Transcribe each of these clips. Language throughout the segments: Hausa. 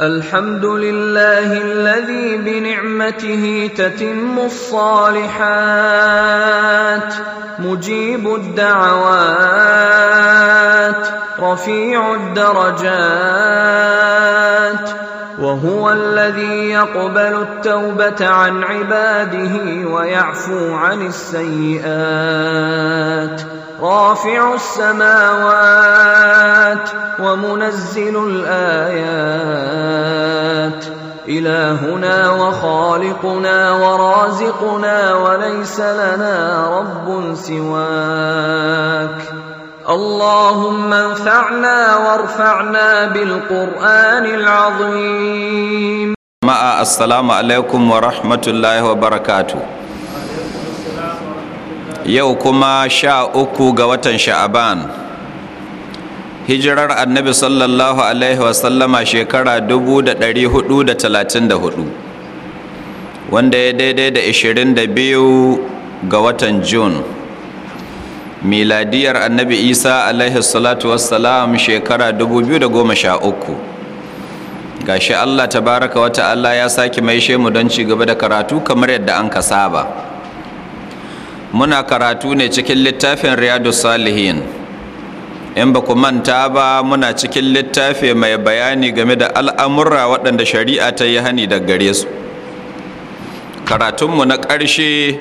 الحمد لله الذي بنعمته تتم الصالحات مجيب الدعوات رفيع الدرجات وهو الذي يقبل التوبه عن عباده ويعفو عن السيئات رافع السماوات ومنزل الايات إلهنا وخالقنا ورازقنا وليس لنا رب سواك اللهم انفعنا وارفعنا بالقرآن العظيم ما السلام عليكم ورحمة الله وبركاته يوكما شاء أكو شعبان hijirar annabi sallallahu alaihi wasallama shekara 434 wanda ya daidai da 22 ga watan Jun. miladiyar annabi isa alaihi salatu wasallam shekara 2013 gashi allah tabaraka wata Allah ya sake maishe mu don ci gaba da karatu kamar yadda an ka saba muna karatu ne cikin littafin riyadu salihin in ba ku manta ba muna cikin littafi mai bayani game da al'amurra waɗanda shari'a ta yi hani da gare su karatunmu na ƙarshe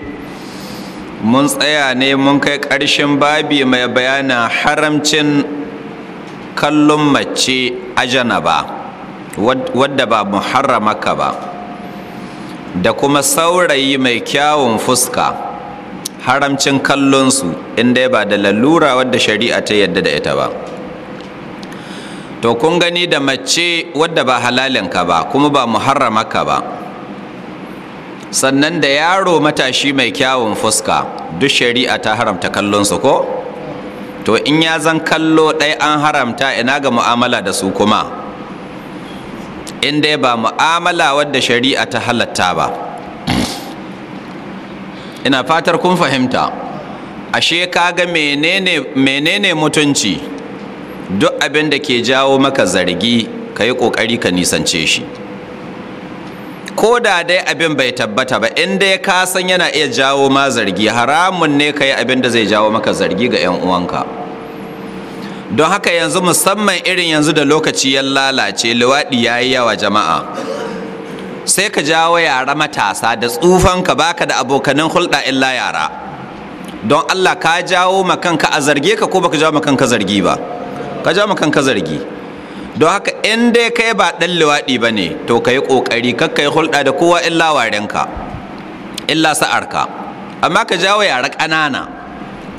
mun tsaya ne mun kai ƙarshen babi mai bayanin haramcin kallon mace ajana ba wadda ba ka ba da kuma saurayi mai kyawun fuska haramcin kallonsu inda ba da lalura wadda shari'a ta yadda da ita ba to kun gani da mace wadda ba halalinka ba kuma ba muharramaka ba sannan da yaro matashi mai kyawun fuska duk shari'a ta haramta kallonsu ko to in ya zan kallo ɗai an haramta ina ga mu'amala da su kuma in dai ba mu'amala wadda shari'a ta halatta ba ina fatar kun fahimta ashe kaga menene menene mutunci duk abin da ke jawo maka zargi ka yi ƙoƙari ka nisance shi ko da dai abin bai tabbata ba in dai ka san yana iya jawo ma zargi haramun ne ka yi abin da zai jawo maka zargi ga 'yan uwanka don haka yanzu musamman irin yanzu da lokaci ya lalace luwaɗi ya yi yawa jama'a sai ka jawo yara matasa da tsufan ka baka da abokanin hulɗa illa yara don Allah ka jawo makanka a zarge ka ko baka jawo makanka zargi ba ka jawo makanka zargi don haka in dai kai ba ɗan liwaɗi ba ne to ka yi ƙoƙari kakka yi hulɗa da kowa illa warenka illa sa'arka amma ka jawo yara ƙanana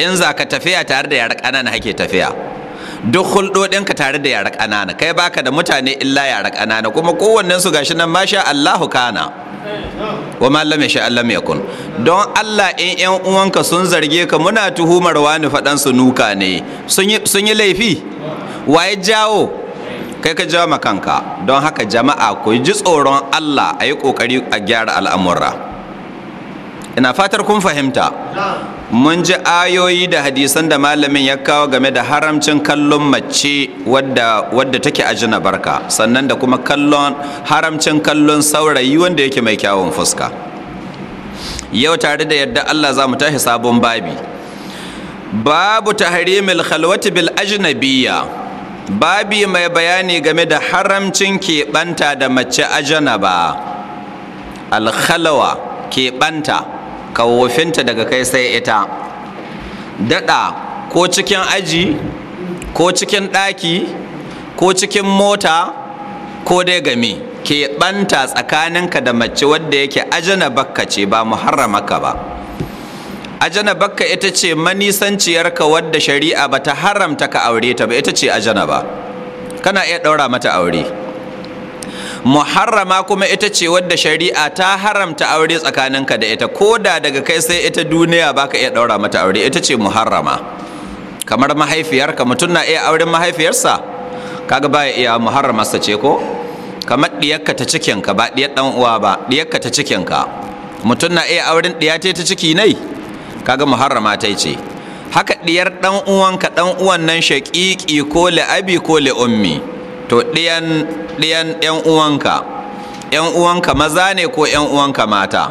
in za ka tafiya tare da yara ƙanana hake tafiya duk hulɗoɗinka tare da yara ƙanana kai baka da mutane illa yara ƙanana kuma kowannen su gashi nan masha Allahu kana wa ma lam Allah Allah kun don Allah in ƴan uwanka sun zarge ka muna tuhumar wani faɗan su nuka ne sun yi laifi waye jawo kai ka jawo kanka don haka jama'a ku ji tsoron Allah ayi yi ƙoƙari a gyara al'amura ina fatar kun fahimta mun ji ayoyi da hadisan da malamin ya kawo game da haramcin kallon mace wadda, take a jina barka sannan da kuma kallon haramcin kallon saurayi wanda yake mai kyawun fuska yau tare da yadda allah za mu tashi sabon babi babu tahrimil khalwati bil ajnabiyya babi mai bayani game da haramcin keɓanta da mace ajanaba alkhalawa keɓanta ka daga kai sai ita daɗa ko cikin aji ko cikin ɗaki ko cikin mota ko dai game ke ɓanta ka da mace wadda yake ajana bakka ce ba muharramaka ba ajana bakka ita ce manisanciyarka wadda shari'a ba ta haramta ka aure ta ba ita ce ajana ba kana iya ɗaura mata aure muharrama kuma ita ce wadda shari'a ta haramta aure tsakaninka da ita ko da daga kai sai ita duniya baka iya daura mata aure ita ce muharrama kamar mahaifiyarka mutum na iya auren mahaifiyarsa kaga baya iya muharramarsa ce ko kamar diyarka ta cikinka ba diyar dan uwa ba diyarka ta cikinka mutum na iya auren diya ta ciki nai kaga muharrama ta ce haka diyar dan uwanka dan uwan nan shaqiqi ko la'abi ko li ummi to ɗiyan 'yan uwanka 'yan uwanka maza ne ko 'yan uwanka mata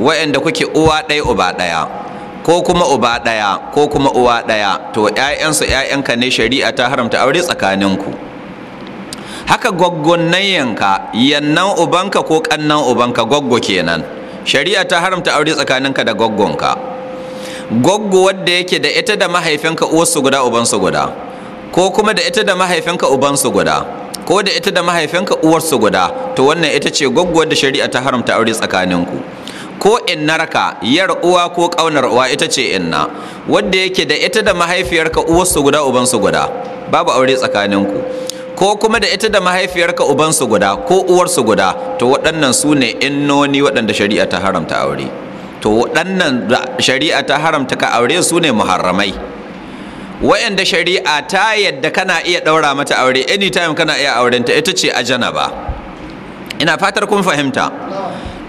waanda kuke uwa ɗaya uba ɗaya ko kuma uba ɗaya ko kuma uwa ɗaya to ƴaƴansu 'ya'yanka ne shari'a ta haramta aure tsakaninku haka yanka, yannan ubanka ko ƙannan ubanka gwaggo kenan shari'a ta haramta aure tsakaninka da gwaggonka gwaggo wadda yake da ita da mahaifinka uwarsu guda ubansu guda ko kuma da ita da mahaifinka ubansu guda ko da ita da mahaifinka uwarsu guda to wannan ita ce gwaggwar da shari'a ta haramta aure tsakaninku ko naraka yar uwa ko kaunar uwa ita ce inna wanda yake da ita da mahaifiyarka uwarsu guda ubansu guda babu aure tsakaninku ko kuma da ita da mahaifiyarka ubansu guda ko uwarsu guda to waɗannan su ne innoni waɗanda shari'a ta haramta aure to waɗannan shari'a ta haramta ka aure su ne muharramai wa'anda shari'a ta yadda kana iya ɗaura mata aure anytime kana iya aurenta ita ce a janaba ina fatar kun fahimta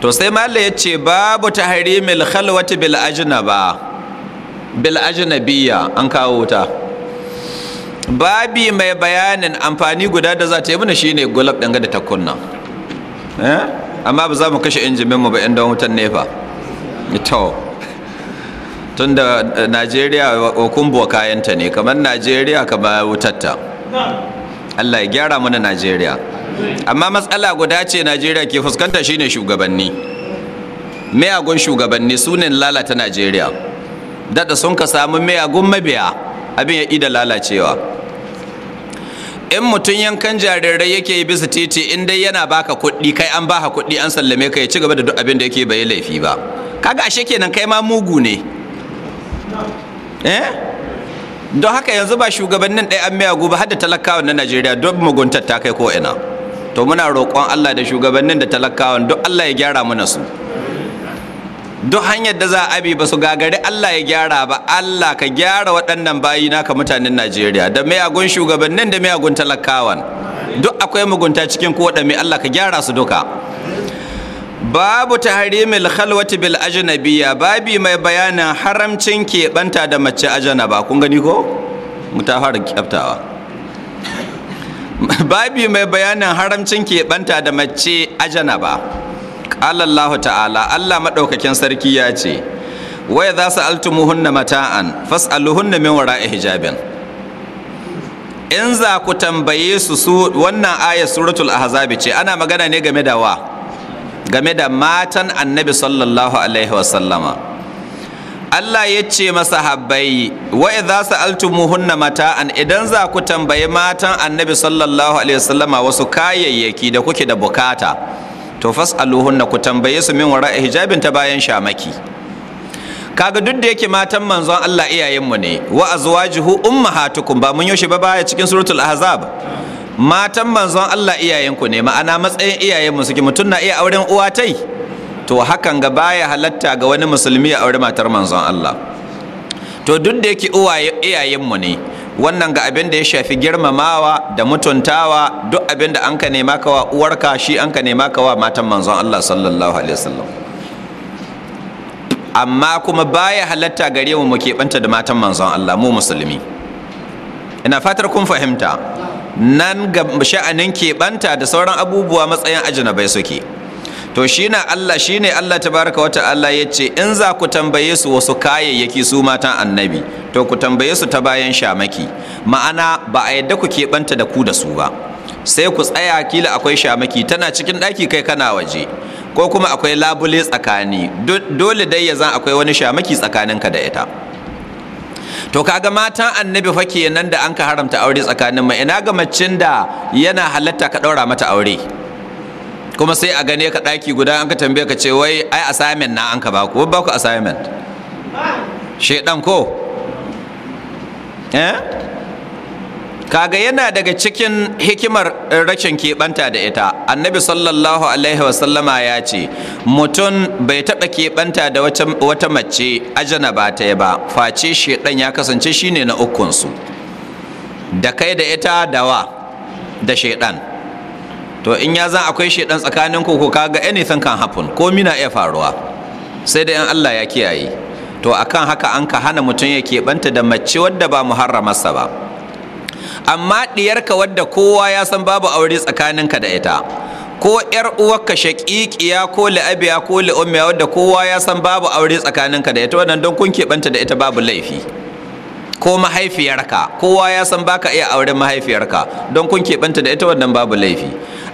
to sai malla ya ce babu tahrimil khalwati bil ajnaba bil ajnabiyya an kawo ta babi mai bayanin amfani guda da za ta yi mana shine gulab ga da takunna eh? amma ba za mu kashe injimin mu ba yan wutan nefa to tunda eh, najeriya eh, okumbo kayanta ne kamar najeriya kamar wutatta allah ya gyara mana najeriya amma matsala guda ce najeriya ke fuskanta shine shugabanni mayagun shugabanni su ne lalata najeriya dada sun ka samu mayagun mabiya abin ya ida lalacewa in mutum yankan jarirai yake yi bisa titi in dai yana baka kuɗi kai an baka kuɗi an sallame ka ya ci gaba da duk abin da yake bai laifi ba kaga ashe kenan kai ma mugu ne eh don haka yanzu ba shugabannin ɗaya an miyagu ba hadda talakawan na najeriya don muguntar ta kai ko'ina to muna roƙon allah da shugabannin da talakawan don allah ya gyara mana su don hanyar da za a abi ba su gagari allah ya gyara ba allah ka gyara waɗannan bayi naka mutanen najeriya da miyagun shugabannin da miyagun talakawan duk akwai mugunta cikin kowaɗa mai allah ka gyara su duka babu ta Harimil khalwati bil ajnabiya babi mai bayanin haramcin keɓanta da mace ajanaba kun gani ko mu ta fara kyaftawa babi mai bayanin haramcin keɓanta da mace ajanaba qala Allah ta'ala Allah madaukakin sarki ya ce wa idza sa'altumuhunna mata'an fas'aluhunna min wara'i hijabin in za ku tambaye su su wannan ayat suratul ahzab ce ana magana ne game da wa game da matan annabi sallallahu alaihi wasallama Allah ya ce masa habbai wa idza sa'altumuhunna mata'an idan za ku tambayi matan annabi sallallahu alaihi wasallama wasu kayayyaki da kuke da bukata to fas'aluhunna ku tambaye su min wara hijabin ta bayan shamaki kaga duk da yake matan manzon Allah iyayenmu ne wa azwajuhu ummahatukum ba mun yaushe ba baya cikin suratul ahzab matan manzon Allah iyayenku ne ma'ana matsayin iyayenmu suke mutum na iya auren uwa tai to hakan ga baya halatta ga wani musulmi ya aure matar manzon Allah to duk da yake uwa iyayenmu ne wannan ga abin da ya shafi girmamawa da mutuntawa duk abin da an ka nema kawa uwarka shi an ka nema kawa matan manzon Allah sallallahu alaihi wasallam amma kuma baya halatta gare mu mu keɓanta da matan manzon Allah mu musulmi ina fatar kun fahimta nan ga sha'anin keɓanta da sauran abubuwa matsayin ajinabai suke to shi na Allah shi ne Allah ta baraka wata Allah ya ce in za ku tambaye su wasu kayayyaki su matan annabi to ku tambaye su ta bayan shamaki ma'ana ba a yadda ku keɓanta da ku da su ba sai ku tsaya kila akwai shamaki tana cikin ɗaki kai kana waje ko kuma akwai labule tsakani dole dai ya zan akwai wani shamaki tsakaninka da ita to kaga matan annabi fa kenan da an ka haramta aure tsakanin ma ina ga macin da yana halatta ka daura mata aure kuma sai a gane ka daki guda an ka tambaye ka ce wai ai assignment na an ka ba ku ba ku assignment shedan ko eh kaga yana daga cikin hikimar rashin keɓanta da ita annabi sallallahu alaihi wasallama ya ce mutum bai taɓa keɓanta da wata mace ajana ba ta ba face shi ɗan ya kasance shine na ukunsu da kai da ita dawa da shaiɗan to in ya zan akwai shaiɗan tsakanin ku kaga anything can happen ko mina iya faruwa sai da in Allah ya kiyaye to akan haka an ka hana mutum ya keɓanta da mace wadda ba muharramarsa ba amma diyarka wadda kowa ya san babu aure tsakaninka da ita ko yar uwarka shaƙiƙiya ko la'abiya ko la'ummiya wadda kowa ya san babu aure tsakaninka da ita wannan don kun keɓanta da ita babu laifi ko mahaifiyarka kowa ya san baka iya auren mahaifiyarka don kun keɓanta da ita wannan babu laifi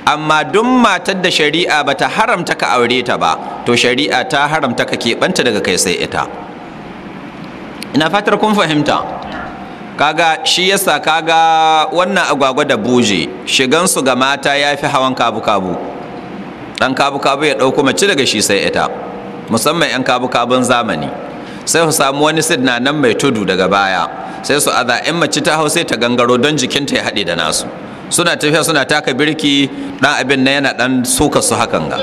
amma duk matar da shari'a bata haramta ka aure ta ba to shari'a ta haramta ka keɓanta daga kai sai ita ina fatar kun fahimta kaga shi yasa kaga wannan agwagwa da buje shigansu ga mata ya fi hawan kabu-kabu ɗan kabu-kabu ya ɗauko mace daga shi sai ita musamman 'yan kabu-kabun zamani sai su samu wani sidna nan mai tudu daga baya sai su aza 'yan mace ta hau sai ta gangaro don jikinta ya haɗe da nasu suna tafiya suna taka birki ɗan abin na yana ɗan suka su hakan ga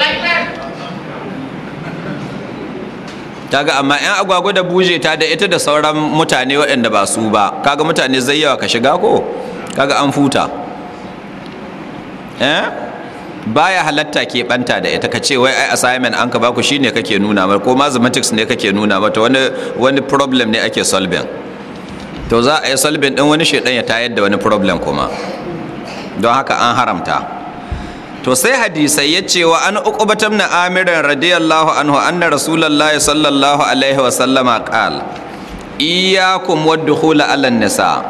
kaga amma yan agwagwa da buje ta da ita da sauran mutane waɗanda ba su ba kaga mutane zai yawa ka shiga ko kaga an futa eh baya halatta ke banta da ita ka ce wai ai assignment an ka baku shine kake nuna ma, ko mathematics ne kake nuna mata wani wani problem ne ake solving to za a yi solving din wani shedan ya tayar da wani problem kuma don haka an haramta to sai hadisai ya ce wa an uqbata ibn amir radiyallahu anhu anna rasulullahi sallallahu alaihi wa sallama qala iyyakum wadkhul ala nisa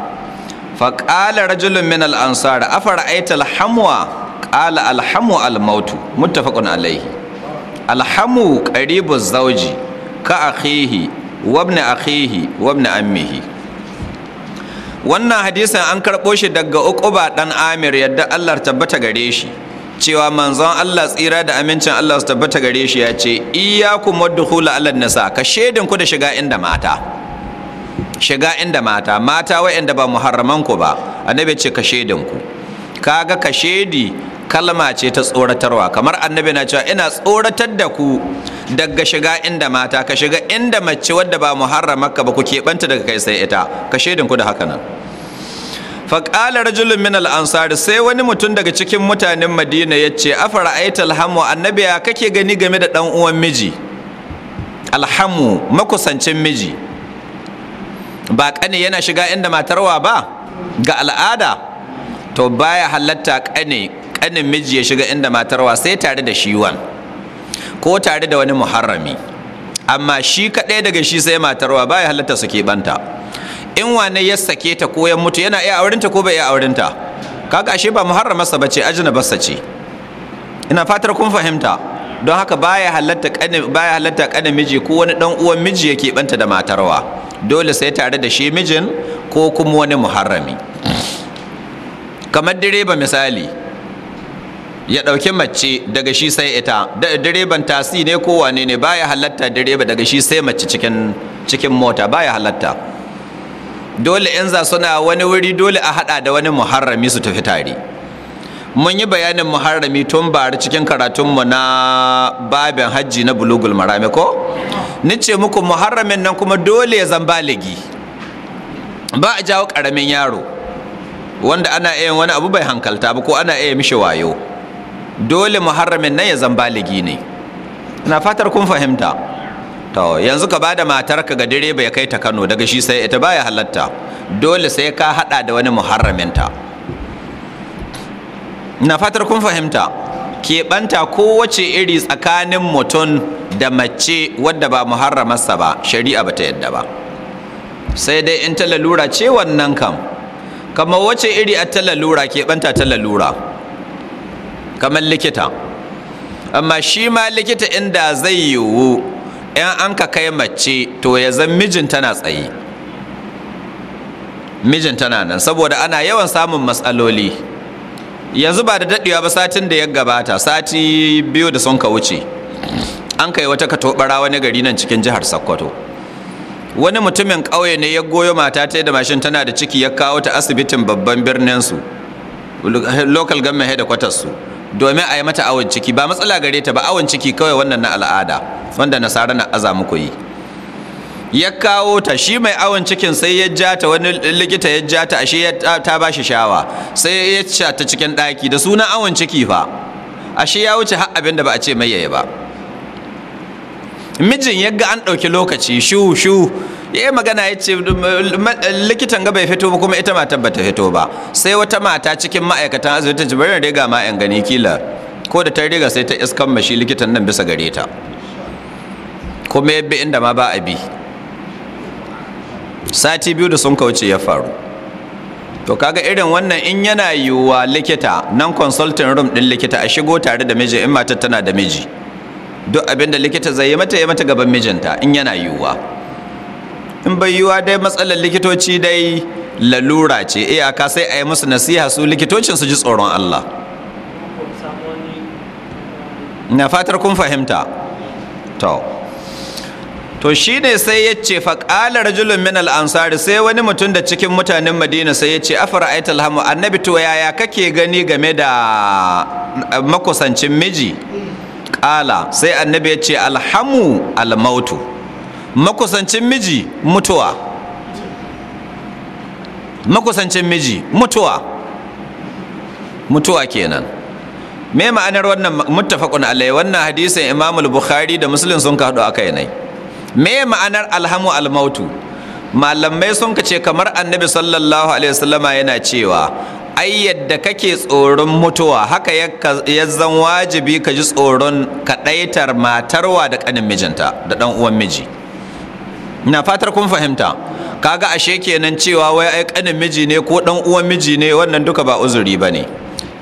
fa qala rajulun min al ansar afara'aita al hamwa qala al hamu al maut muttafaqun alaihi al hamu qaribu zawji ka akhihi wa ibn akhihi wa ibn ammihi wannan hadisin an karɓo shi daga uquba dan amir yadda Allah tabbata gare shi cewa manzon Allah tsira da amincin Allah su tabbata gare shi ya ce iyyakum hula ala nisa ka shedin ku da shiga inda mata shiga inda mata mata ba muharraman ku ba annabi ce ka shedin ku kaga ka shedi kalma ce ta tsoratarwa kamar annabi na cewa ina tsoratar da ku daga shiga inda mata ka shiga inda mace wadda ba muharramaka ba ku keɓanta daga kai sai ita ka shaidin ku da haka nan faƙala rajulun min al'ansari sai wani mutum daga cikin mutanen madina ya ce afara aita alhamu annabi ya kake gani game da ɗan uwan miji alhamu makusancin miji ba ƙane yana shiga inda matarwa ba ga al'ada to baya halatta ƙane ƙanin miji ya shiga inda matarwa sai tare da shi wan ko tare da wani muharrami amma shi kaɗai daga shi sai matarwa baya halatta su banta. in wane ya sake ta ko ya mutu yana iya aurenta ko bai iya aurenta kaga ashe ba muharramarsa bace ajnabarsa ce ina fatar kun fahimta don haka baya halatta kana baya halatta miji ko wani dan uwan miji yake banta da matarwa dole sai tare da shi mijin ko kuma wani muharrami kamar direba misali ya ɗauki mace daga shi sai ita direban tasi ne ko wane ne baya halatta direba daga shi sai mace cikin cikin mota baya halatta dole in za suna wani wuri dole a hada da wani muharrami su tafi tare mun yi bayanin muharrami tun bari cikin karatunmu na babin hajji na bulugul marami ko ni ce muku muharramin nan kuma dole ya zan baligi ba a jawo karamin yaro wanda ana iya wani abu bai hankalta ba ko ana iya mishi wayo dole muharramin nan ya zan baligi ne na fatar kun fahimta to yanzu ka bada matarka ga direba ya kai ta Kano daga shi sai ita baya halatta dole sai ka hada da wani muharraminta na fatar kun fahimta keɓanta wace iri tsakanin mutum da mace wadda ba muharramarsa ba shari'a ba ta yadda ba sai dai in ta lalura ce wannan kam kamar wace iri a ta lalura keɓanta ta lalura kamar likita amma shi ma likita inda zai yiwu yan an ka kai mace to ya zan mijin tana tsaye mijin tana nan saboda ana yawan samun matsaloli yanzu ba da daɗewa ba satin da ya gabata sati biyu da sun ka wuce an kai wata katobara wani gari nan cikin jihar sokoto wani mutumin ƙauye ne ya goyo mata ta da mashin tana da ciki ya kawo ta asibitin babban birnin su local government headquarters su domin a yi mata awon ciki ba matsala gare ta ba awon ciki kawai wannan na al'ada wanda nasara na aza muku yi ya kawo ta shi mai awon cikin sai ya ja ta wani likita ya ja ta ashe ta ba shi shawa sai ya ci ta cikin ɗaki da sunan awon ciki fa ashe ya wuce har abin da ba a ce mai yaya ba mijin ya ga an ɗauki lokaci shu shu ya yi magana ya ce likitan ga bai fito ba kuma ita matan bata fito ba sai wata mata cikin ma'aikatan asibitin ci bari riga ma yan gani kila ko da ta riga sai ta iskan mashi likitan nan bisa gare ta kuma ya bi inda ma ba a bi sati biyu da sun kauce ya faru to kaga irin wannan in yana yiwuwa likita nan consulting room din likita a shigo tare da miji in matar tana da miji duk abinda likita zai yi mata ya mata gaban mijinta in yana yiwuwa in bai yiwa dai matsalar likitoci dai lalura ce iyaka eh, sai a yi musu nasiha su likitocin su ji tsoron Allah na fatar kun fahimta to shi ne sai ya ce faƙala rajulun min al'ansari sai wani mutum da cikin mutanen madina sai ya ce afara ayat alhamu annabi to yaya kake gani game da eh, makusancin miji ƙala sai annabi ya ce alhamu almautu makusancin miji mutuwa makusancin miji mutuwa mutuwa kenan me ma'anar wannan muttafaqun alai wannan hadisin Imam al bukhari da Muslim sun kaɗu a kai ne me ma'anar alhamu almautu malamai sun ka ce kamar annabi sallallahu alaihi wasallama yana cewa ai yadda kake tsoron mutuwa haka ya zan wajibi ka ji tsoron kaɗaitar matarwa da ƙanin mijinta da ɗan'uwan uwan miji na fatar kun fahimta kaga ashe kenan cewa wai ai kanin miji ne ko dan uwan miji ne wannan duka ba uzuri bane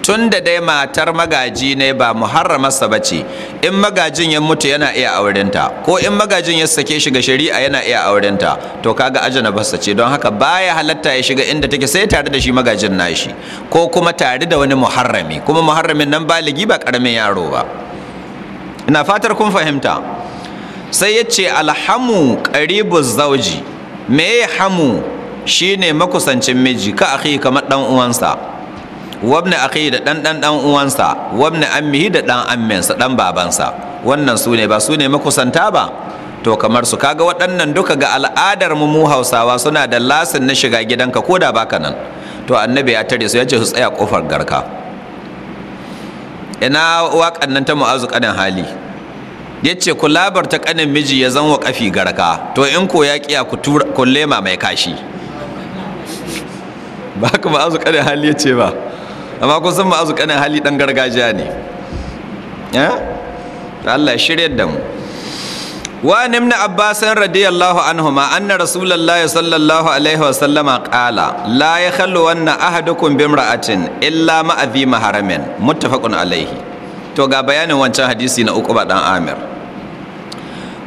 tun da dai matar magaji ne ba muharramarsa ba ce in magajin ya mutu yana iya aurenta ko in magajin ya sake shiga shari'a yana iya aurenta to kaga ajana basa ce don haka baya halatta ya shiga inda take sai tare da shi magajin nashi ko kuma tare da wani muharrami kuma muharramin nan baligi ba karamin yaro ba ina fatar kun fahimta sai ya ce alhamu ƙaribu zauji me hamu shine makusancin miji ka akhi kamar dan uwansa wabna akhi da dan dan dan uwansa wabna ammihi da dan amminsa dan babansa wannan su ne ba su ne makusanta ba to kamar su kaga waɗannan duka ga al'adar mu Hausawa suna da lasin na shiga gidanka ko da baka nan to annabi ya tare su ya ce su tsaya kofar garka ina waƙan nan ta mu'azu kanin hali ya ce ku labarta kanin miji ya zama kafi garka to in ko ya kiya ku lema mai kashi ba ma ma'azu kanin hali ya ce ba amma kun san ma'azu kanin hali dan gargajiya ne Eh? Allah shirya da mu wa nimna abbasin radiyallahu anhuma anna rasulullahi sallallahu alaihi wasallam qala la yakhallu anna ahadukum bimra'atin illa ma'azi maharamin muttafaqun alaihi to ga bayanin wancan hadisi na uku ba dan amir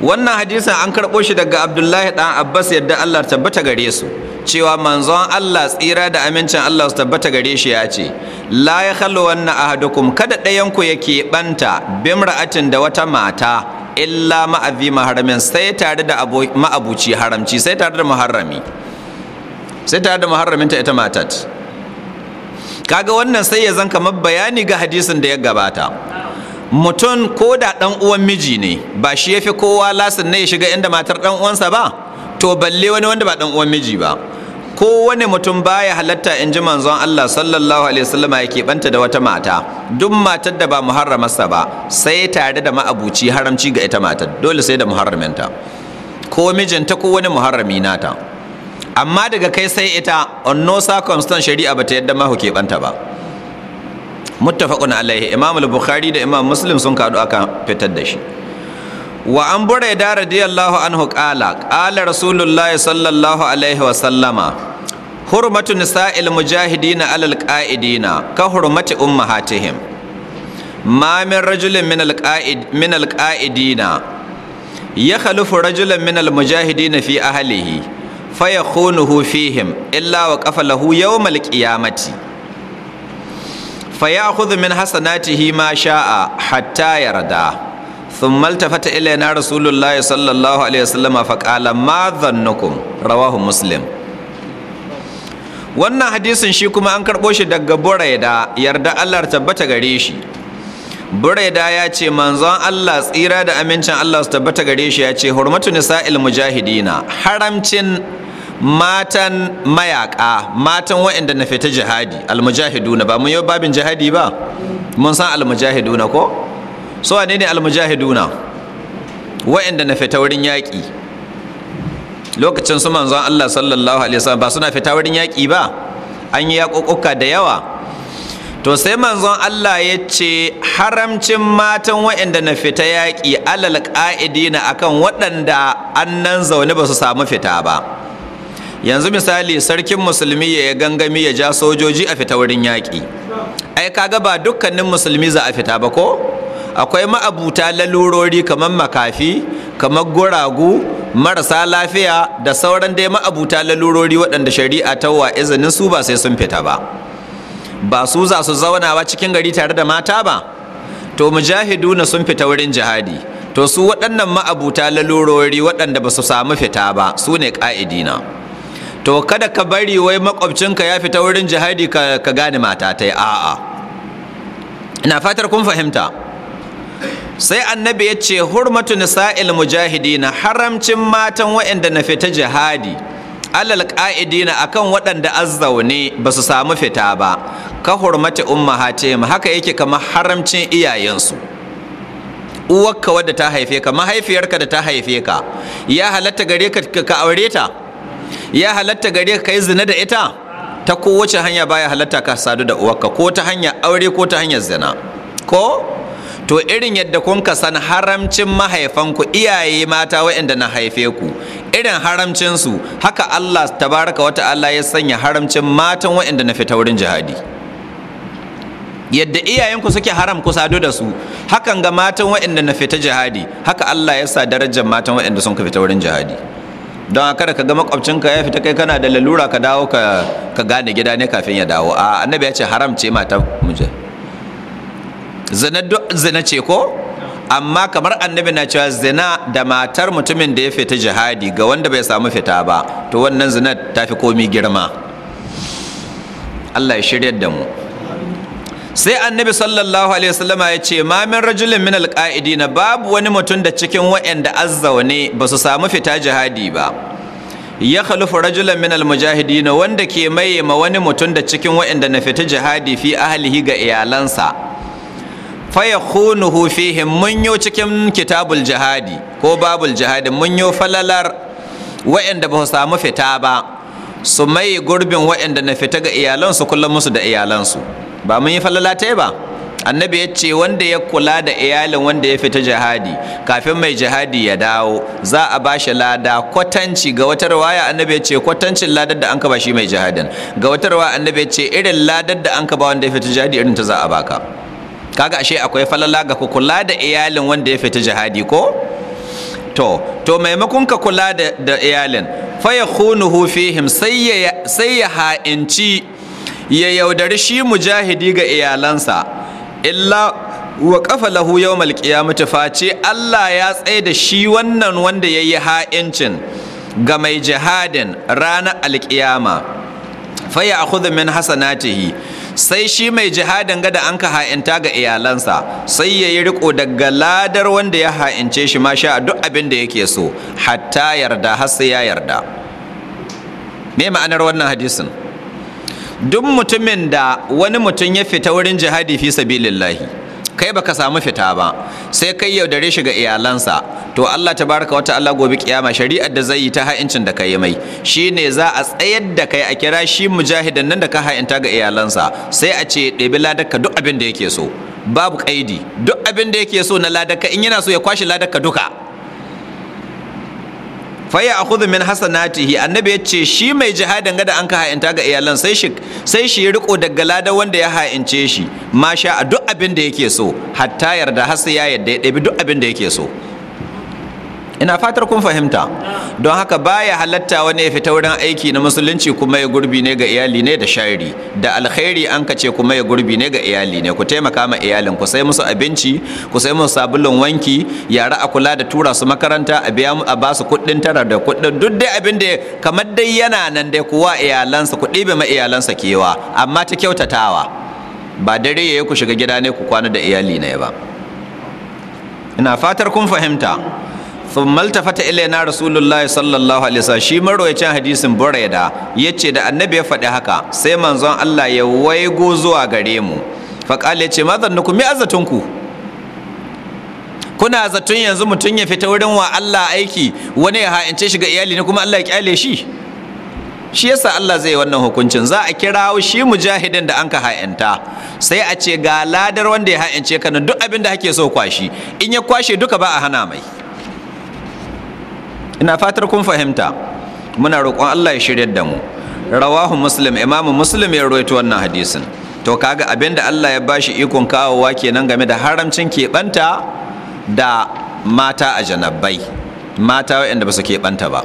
wannan hadisin an karɓo shi daga abdullahi ɗan abbas yadda allah tabbata gare su cewa manzon allah tsira da amincin allah su tabbata gare shi ya ce la ya hallo wannan ahadukum kada ɗayanku ya ɓanta bimra'atin da wata mata illa ma'azi maharamin sai tare da ma'abuci haramci sai tare da muharrami sai tare da ta ita matat kaga wannan sai ya zan kamar bayani ga hadisin da ya gabata mutum ko da ɗan uwan miji ne ba shi ya fi kowa lasin na ya shiga inda matar ɗan uwansa ba to balle wani wanda ba ɗan uwan miji ba Ko wani mutum baya halatta in ji manzon Allah sallallahu alaihi wasallam ya keɓanta da wata mata duk matar da ba muharramarsa ba sai tare da ma'abuci haramci ga ita matar dole sai da muharraminta ko mijinta ko wani muharrami nata amma daga kai sai ita on no circumstance shari'a bata yadda ma banta ba muttafaqun alaihi imam al-bukhari da imam muslim sun kadu aka fitar da shi wa an buraida radiyallahu anhu qala qala rasulullahi sallallahu alaihi wa sallama hurmatu nisa'il mujahidina alal qa'idina ka hurmati ummahatihim ma min rajulin min al-qa'id min al-qa'idina yakhlufu rajulan min al-mujahidina fi ahlihi fayakunuhu fihim illa wa qafalahu yawm fa ya'khudhu min hasanatihi ma sha'a hatta yarda thumma iltafata ilayna rasulullahi sallallahu alaihi wasallam fa qala ma dhannukum rawahu muslim wannan hadisin shi kuma an karɓo shi daga buraida yarda Allah tabbata gare shi buraida ya ce manzon Allah tsira da amincin Allah su tabbata gare shi ya ce hurmatu nisa'il mujahidina haramcin matan mayaka matan waɗanda na fita jihadi almujahiduna ba mun yi babin jihadi ba mun san almujahiduna ko so wane ne almujahiduna waɗanda na fita wurin yaƙi lokacin su manzon Allah sallallahu alaihi wasallam ba suna fita wurin yaƙi ba an yi yaƙuƙuka da yawa to sai manzon Allah ya ce haramcin matan waɗanda na fita yaƙi alal ƙa'idina akan waɗanda annan zaune ba su samu fita ba yanzu misali sarkin musulmi ya gangami ya ja sojoji a fita wurin yaƙi ai ga ba dukkanin musulmi za a fita ba ko akwai ma'abuta lalurori kamar makafi kamar guragu marasa lafiya da sauran dai ma'abuta lalurori waɗanda shari'a ta wa izinin su ba sai sun fita ba ba su za su zaunawa cikin gari tare da mata ba to mujahidu na sun fita wurin jihadi to su waɗannan ma'abuta lalurori waɗanda ba su samu fita ba su ne ƙa'idina to kada ka bari wai makwabcinka ya fita wurin jihadi ka gane matatai. 'a a'a ina fatar kun fahimta sai annabi ya ce hurmatu nisa'il mujahidina haramcin matan waɗanda na fita jihadi alal ka'idina akan waɗanda azzaune ba su samu fita ba ka hurmati ummahatihim haka yake kamar haramcin iyayensu uwakka wadda ta haife ka mahaifiyarka da ta haife ka ya halatta gare ka ka aure ta ya halatta gare ka yi zina da ita ta kowace hanya baya halatta ka sadu da uwarka ko ta hanya aure ko ta hanyar zina ko to irin yadda kun ka san haramcin mahaifanku iyaye mata waɗanda na haife ku irin haramcinsu haka Allah tabaraka wa ta'ala ya sanya haramcin matan waɗanda na fita wurin jihadi yadda iyayenku suke haram ku sadu da su hakan ga matan waɗanda na fita jihadi haka Allah ya sa darajar matan waɗanda sun ka fita wurin jihadi don kada ka ga makwabcinka ya fita kai kana da lalura ka dawo ka gane gida ne kafin ya dawo a annabi ya ce haram ce mata muje zina ce ko amma kamar annabi na cewa zina da matar mutumin da ya fita jihadi ga wanda bai samu fita ba to wannan zina ta fi komi girma Allah ya shirya da mu sai annabi sallallahu alaihi wasallam ya ce ma min rajulin min alqaidina babu wani mutum da cikin waɗanda azzaune ba su samu fita jihadi ba ya khalufu rajulan min almujahidina wanda ke maye ma wani mutum da cikin waɗanda na fita jihadi fi ahlihi ga iyalansa fa yakhunuhu fihi mun yo cikin kitabul jihadi ko babul jihadi mun yo falalar waɗanda ba su samu fita ba su maye gurbin waɗanda na fita ga iyalansu kullum musu da iyalansu ba mun yi falalata ba annabi ya ce wanda ya kula da iyalin wanda ya fita jihadi kafin mai jihadi ya dawo za a ba shi lada kwatanci ga wata rawaya annabi ya ce kwatancin ladar da an ka ba shi mai jihadin ga wata rawaya annabi ya ce irin ladar da an ka ba wanda ya fita jihadi irin ta za a baka kaga ashe akwai falala ga ku kula da iyalin wanda ya fita jihadi ko to to maimakon ka kula da iyalin fa yakhunuhu fihim sai ya ha'inci ya yaudari shi mujahidi ga iyalansa illa wa kafa lahu yawmal qiyamati face Allah ya tsaye da shi wannan wanda ya yi ha'incin ga mai jihadin ranar alkiyama faya a kudu min hasanatihi sai shi mai jihadin gada an ka ha'inta ga iyalansa sai ya yi riko daga ladar wanda ya ha'ince shi ma sha duk abin da yake so hatta yarda har ya yarda me ma'anar wannan hadisin duk mutumin da wani mutum ya fita wurin jihadi fi sabilillahi kai baka samu fita ba sai kai yaudare shi ga iyalansa to Allah ta baraka wata ta'ala gobe kiyama shari'ar da zai yi ta ha'incin da kai mai shine za a tsayar da kai a kira shi mujahidan nan da ka ha'inta ga iyalansa sai a ce ɗebi ladarka duk abin da yake so babu ƙa'idi, duk abin da yake so na ladarka in yana so ya kwashi ladarka duka faya a kudu min hasanatihi annabi ya ce shi mai jihadin gada an ka ha'inta ga iyalan sai shi sai shi riko daga lada wanda ya ha'ince shi masha a duk abin da yake so hatta yarda hasa ya yarda ya ɗabi duk abin da yake so ina fatar kun fahimta don haka baya halatta wani ya fita wurin aiki na musulunci kuma ya gurbi ne ga iyali ne da shari da alkhairi an kace kuma ya gurbi ne ga iyali ne ku taimaka ma iyalin ku sai musu abinci ku sai musu sabulun wanki yara a kula da tura su makaranta a biya a ba su kuɗin tara da kuɗin duk dai abin da kamar dai yana nan dai kuwa iyalansa ku ɗibe ma iyalansa kewa amma ta kyautatawa ba dare ya ku shiga gida ne ku kwana da iyali ne ba ina fatar kun fahimta fata altafata na rasulullah sallallahu alaihi wasallam shi marwayacin hadisin buraida yace da annabi ya faɗi haka sai manzon Allah ya waigo zuwa gare mu fa qala yace ma zannukum mi azatunku kuna zaton yanzu mutum ya fita wurin wa Allah aiki wani ya ha'ince shiga iyali ne kuma Allah ya kyale shi shi yasa Allah zai wannan hukuncin za a kira shi mujahidin da anka ha'inta sai a ce ga ladar wanda ya ha'ince ka duk abin da kake so kwashi in ya kwashe duka ba a hana mai ina fatar kun fahimta muna roƙon Allah ya shirya da mu rawahu muslim imamu muslim ya rawaito wannan hadisin to kaga abinda Allah ya bashi ikon kawowa kenan game da haramcin keɓanta da mata a janabbai mata waɗanda ba su keɓanta ba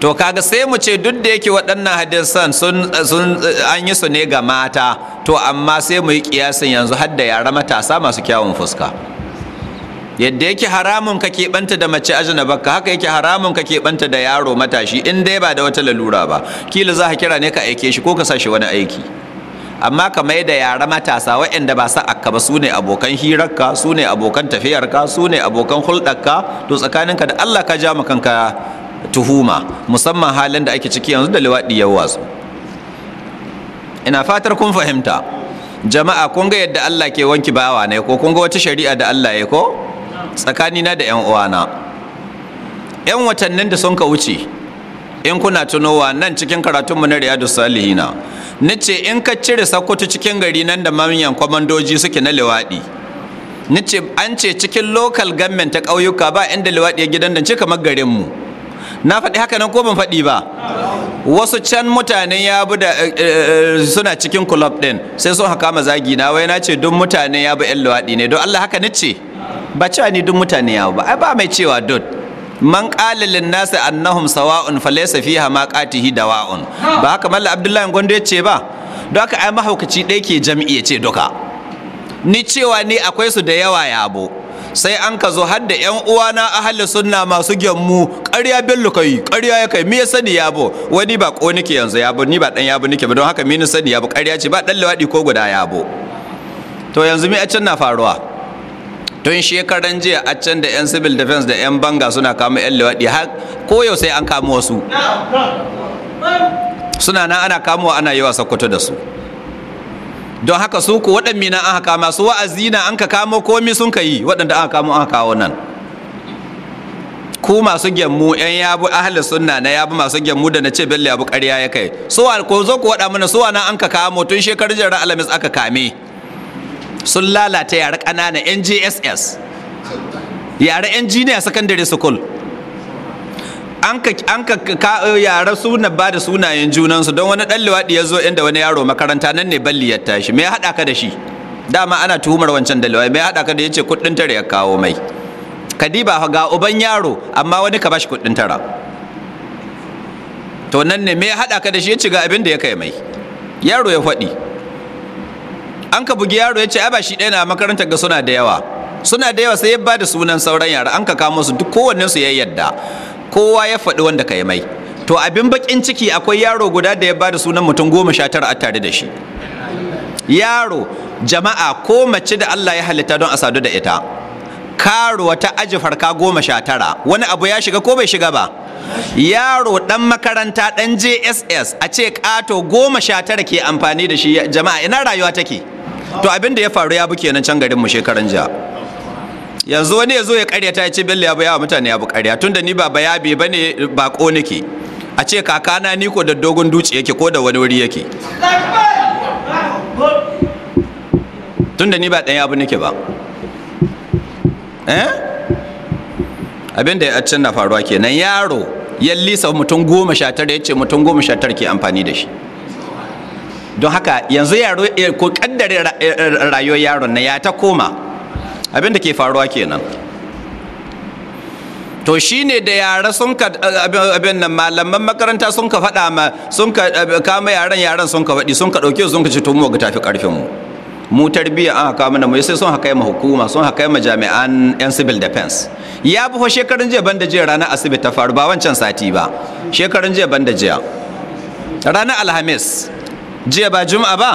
to kaga sai mu ce duk da yake waɗannan hadisan sun an yi su ne ga mata to amma sai mu yi kiyasin yanzu har da yara matasa masu kyawun fuska yadda yake haramun ka keɓanta da mace baka, haka yake haramun ka keɓanta da yaro matashi in dai ba da wata lalura ba kila za ka kira ne ka aike shi ko ka sa shi wani aiki amma ka mai da yara matasa waɗanda ba sa akka ba su ne abokan hirarka su ne abokan tafiyarka su ne abokan hulɗarka to tsakaninka da Allah ka ja kanka tuhuma musamman halin da ake ciki yanzu da liwaɗi ya wasu ina fatar kun fahimta jama'a kun ga yadda Allah ke wanki bawa ne ko kun ga wata shari'a da Allah ya ko tsakanina da 'yan uwana 'yan watannin da sun ka wuce in kuna tunowa nan cikin karatunmu na riyadu salihina na ce in ka cire sakkwato cikin gari nan da manyan kwamandoji suke na liwaɗi na ce an ce cikin lokal government ta ƙauyuka ba inda liwaɗi ya gidan da ce kamar garinmu na faɗi haka nan ko ban faɗi ba wasu can mutanen bu da eh, eh, eh, suna cikin club ɗin sai sun haka ma zagi na wai na ce duk mutanen bu yan luwaɗi ne don Allah haka ce? ba cewa ni duk mutanen yabu ba ai ba mai cewa dot man lin nasi annahum sawa'un laysa fiha ma qatihi dawa'un ba haka mallam abdullahi gondo ya ce ba don haka ai mahaukaci ɗaya ke jam'i ya ce duka ni cewa ni akwai su da yawa yabo sai an ka zo har da yan uwana ahli sunna masu gyammu ƙarya bello kai ƙarya ya kai me ya sani yabo wani ba ko nake yanzu yabo ni ba dan yabo nake ba don haka me ni sani yabo ƙarya ce ba dan lawadi ko guda yabo to yanzu me a can na faruwa tun shekaran jiya a can da yan civil defense da yan banga suna kama yan lawadi har yau sai an kama wasu suna nan ana kamowa ana yi wa sakkwato da su don haka su ku waɗan mina aka kama su wa'azi na an ka kamo komi sun ka yi waɗanda aka kamo aka kawo nan ku masu gyammu yan yabu ahli sunna na yabu masu gyammu da na ce bello Abu ƙarya ya kai suwa ko zo ku waɗa mana suwa na an ka kamo tun shekarun jira alamis aka kame sun lalata yara ƙanana njss yara engineer secondary school an ka eh, yara suna ba da sunayen junansu don wani dan luwadi ya zo inda wani yaro makaranta nan ne balli ya tashi me ya hada ka da shi dama ana tuhumar wancan da luwadi me ya hada ka da yace kuɗin tare ya kawo mai kadiba ga uban yaro amma wani ka bashi kuɗin tara to nan ne me ya hada ka da shi ya ga abin da ya kai mai yaro ya faɗi an ka bugi yaro ya ce ai ba shi ɗaya na makarantar ga suna da yawa suna da yawa sai ya bada sunan sauran yara an ka kamo su duk kowannen su ya yadda kowa ya faɗi wanda ka yi mai to abin bakin ciki akwai yaro guda da ya ba da sunan mutum goma sha tara a tare da shi yaro jama'a ko mace da Allah ya halitta don a sadu da ita karuwa wata aji farka goma sha tara wani abu ya shiga ko bai shiga ba yaro ɗan makaranta ɗan jss a ce kato goma sha tara ke amfani da shi jama'a ina rayuwa take to abin da ya faru ya buke kenan can garin mu shekaran jiya yanzu wani ya zo ya karyata ta ce bello ya wa mutane ya bu karya da ni ba ne bane bako nake a ce kakana ni ko da dogon duci yake ko da wani wuri yake tun da ni ba ɗan abu nake ba eh abin da ya can na faruwa kenan yaro ya lisa mutum goma sha tara ya ce mutum goma sha tara ke amfani da shi don haka yanzu yaro ko kaddare rayuwar yaron na ya ta koma abin da ke faruwa kenan to shi ne da yara sun ka abin nan malaman makaranta sun ka faɗa ma sun ka eh, kama yaran yaran sun ka faɗi sun ka ɗauke sun ka ci tumo ga tafi ƙarfin mu mu tarbiyya an haka mana mai sai sun haka ma hukuma sun haka ma jami'an yan civil defense ya bi fa shekarun jiya banda jiya ranar asibiti ta faru ba wancan sati ba shekarun jiya banda jiya ranar alhamis jiya ba juma'a ba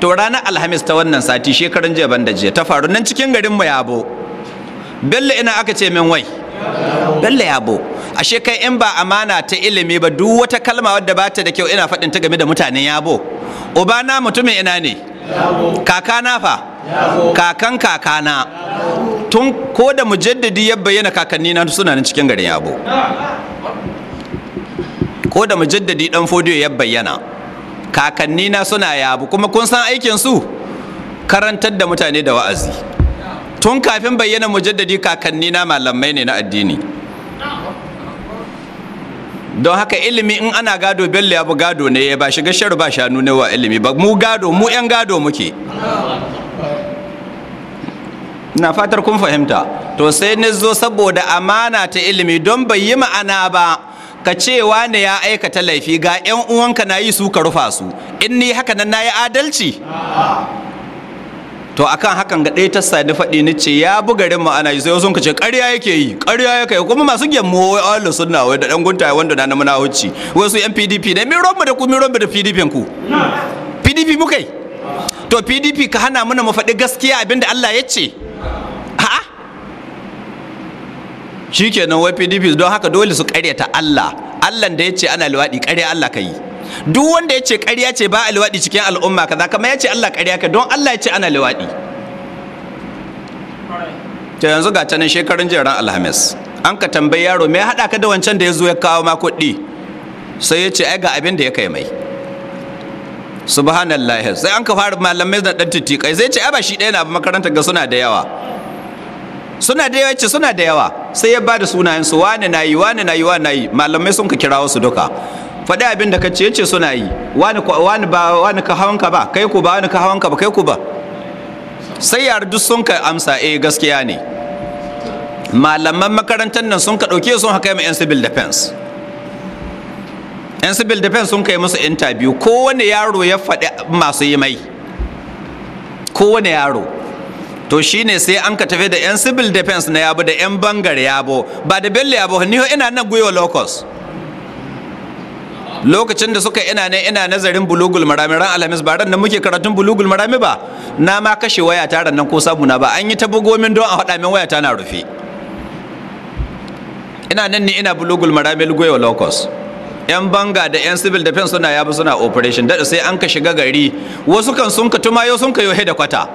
to ranar alhamis ta wannan sati shekarun jiya ban da jiya ta faru nan cikin garin mu yabo bello ina aka ce min wai bello yabo ashe kai in ba amana ta ilimi ba duk wata kalma wadda ba ta da kyau ina faɗin ta game da mutanen yabo ubana mutumin ina ne kakana fa kakan kakana tun ko da mujaddadi ya bayyana kakanni na suna nan cikin garin yabo ko da mujaddadi dan fodiyo ya bayyana kakanni na suna yabu kuma kun san aikin su karantar da mutane da wa'azi tun kafin bayyana mujaddadi kakanni na malamai ne na addini don haka ilimi in ana gado bello ya bu gado ne ya ba shiga sharu ba shanu ne wa ilimi ba mu gado mu yan gado muke na fatar kun fahimta to sai ne zo saboda amana ta ilimi don bai yi ma'ana ba ka ce wane ya aikata laifi ga 'yan uwanka na yi su ka rufa su in ni haka nan na yi adalci to akan hakan ga ɗaya tassa da faɗi ni ce ya buga garin mu ana yi sai wasu ce ƙarya yake yi ƙarya yake yi kuma masu gemmo wai ahlus sunna wai da ɗan gunta wanda na namuna hucci wai su yan PDP ne mi romba da ku mi romba da PDP ku PDP mu kai? to PDP ka hana mana mu faɗi gaskiya abinda Allah ya ce shikenan wai pdp don haka dole su karyata allah allah da ya ce ana luwaɗi karya allah ka yi duk wanda ya ce karya ce ba a luwaɗi cikin al'umma kaza kamar ya ce allah karya ka don allah ya ce ana luwaɗi ta yanzu ga ta shekarun jiran alhamis an ka tambayi yaro me haɗa ka da wancan da ya zo ya kawo ma kuɗi sai ya ce ai ga abin da ya kai mai subhanallah sai an ka fara malamai da dan sai ya ce ai ba shi ɗaya na makaranta ga suna da yawa suna da yawa ce suna da yawa sai ya bada sunayen su wane nayi wane nayi wane nayi malamai sun ka kirawo su duka faɗi abin da ce yace suna yi wani wani ba wani ka hawanka ba kai ku ba wani ka hawanka ba kai ku ba sai yar duk sun ka amsa eh gaskiya ne malaman makarantar nan sun ka ɗauke sun haka yan civil defense yan civil defense sun kai musu interview kowane yaro ya faɗi masu yi mai kowane yaro to shine sai an ka tafi da yan civil defense na yabo da yan bangar yabo ba da bello yabo ni ina nan guyo locus lokacin da suka ina ne ina nazarin bulugul marami ran alhamis ba ran da muke karatun bulugul marami ba na ma kashe waya ta ran nan ko samu na ba an yi ta bugomin don a hada min waya ta na rufe ina nan ne ina bulugul marami guyo locus yan banga da yan civil defense suna yabo suna operation da sai an ka shiga gari wasu kan sun ka tumayo sun ka yohe da kwata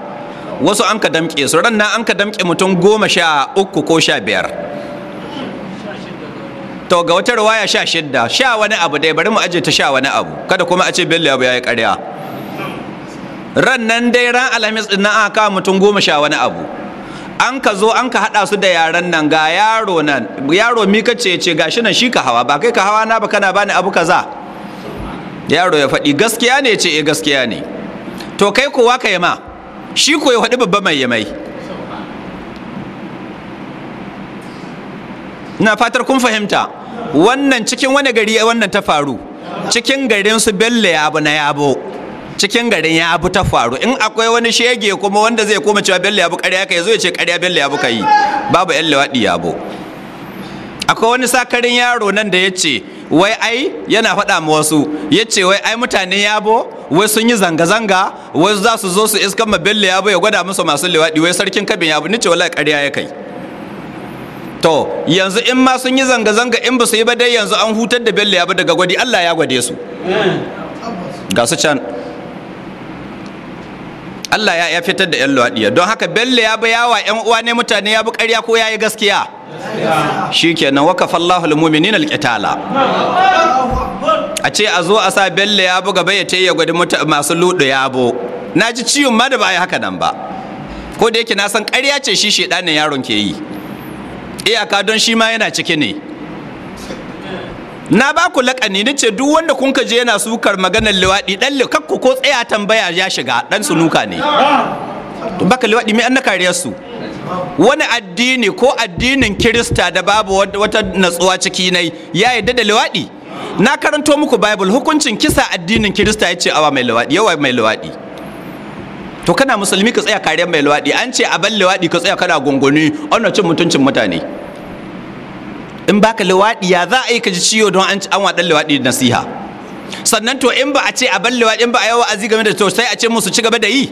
wasu an ka damƙe su ran an ka damƙe mutum goma sha uku ko sha biyar to ga wata ruwaya sha shidda sha wani abu dai bari mu aje ta sha wani abu kada kuma a ce bello ya yi ƙarya ran nan dai ran alhamis din nan aka mutum goma sha wani abu an ka zo an ka haɗa su da yaran nan ga yaro nan yaro mi ka ce ce gashi nan shi ka hawa ba kai ka hawa na ba kana bani abu kaza yaro ya faɗi gaskiya ne ce eh gaskiya ne to kai kowa ka yi ma shi ko ya faɗi babba mai ya mai? na fatar kun fahimta wannan cikin wani gari wannan ta faru cikin garin su bello yabo na yabo cikin garin yabo ta faru in akwai wani shege kuma wanda zai koma cewa bello yabo ƙarya ka yazo ya ce ƙarya bello yabo ka yi babu yan lewaɗi yabo akwai wani sakarin yaro nan da ya ce wai ai yana faɗa ma wasu ya ce wai ai mutane yabo wai sun yi zanga-zanga wai za su zo su iskan ma bello yabo ya gwada musu masu liwaɗi wai sarkin kabin yabo ni ce wala ƙarya ya kai to yanzu in ma sun yi zanga-zanga in ba su yi ba dai yanzu an hutar da bello yabo daga gwadi allah ya gwade su ga su can Allah ya fitar da 'yan luwaɗiya don haka bello ya bi yawa 'yan uwa ne mutane ya bo ƙarya ko ya yi gaskiya shikenan wakafa Allahu almu'minina alqitala a ce a zo a sa belle ya buga bai ta ya gudu masu ludu yabo na ji ciwon ma da ba a yi haka nan ba ko da yake na san ƙarya ce shi shedanin yaron ke yi iyaka don shi ma yana ciki ne na ba ku lakani na ce duk wanda kun ka je yana sukar maganar liwaɗi ɗan kakku ko tsaya tambaya ya shiga ɗan sunuka ne baka liwaɗi mai an na kariyar su wani addini ko addinin kirista da babu wata natsuwa ciki nai ya yadda da liwaɗi na karanto muku bible hukuncin kisa addinin kirista ya ce awa mai liwaɗi yawa mai liwaɗi to kana musulmi ka tsaya kariyar mai liwaɗi an ce a ban liwaɗi ka tsaya kana gunguni ana cin mutuncin mutane in baka liwaɗi ya za a yi ka ji ciwo don an waɗan liwaɗi nasiha sannan to in ba a ce a ban liwaɗi in ba a yawa azi game da to sai a ce musu ci gaba da yi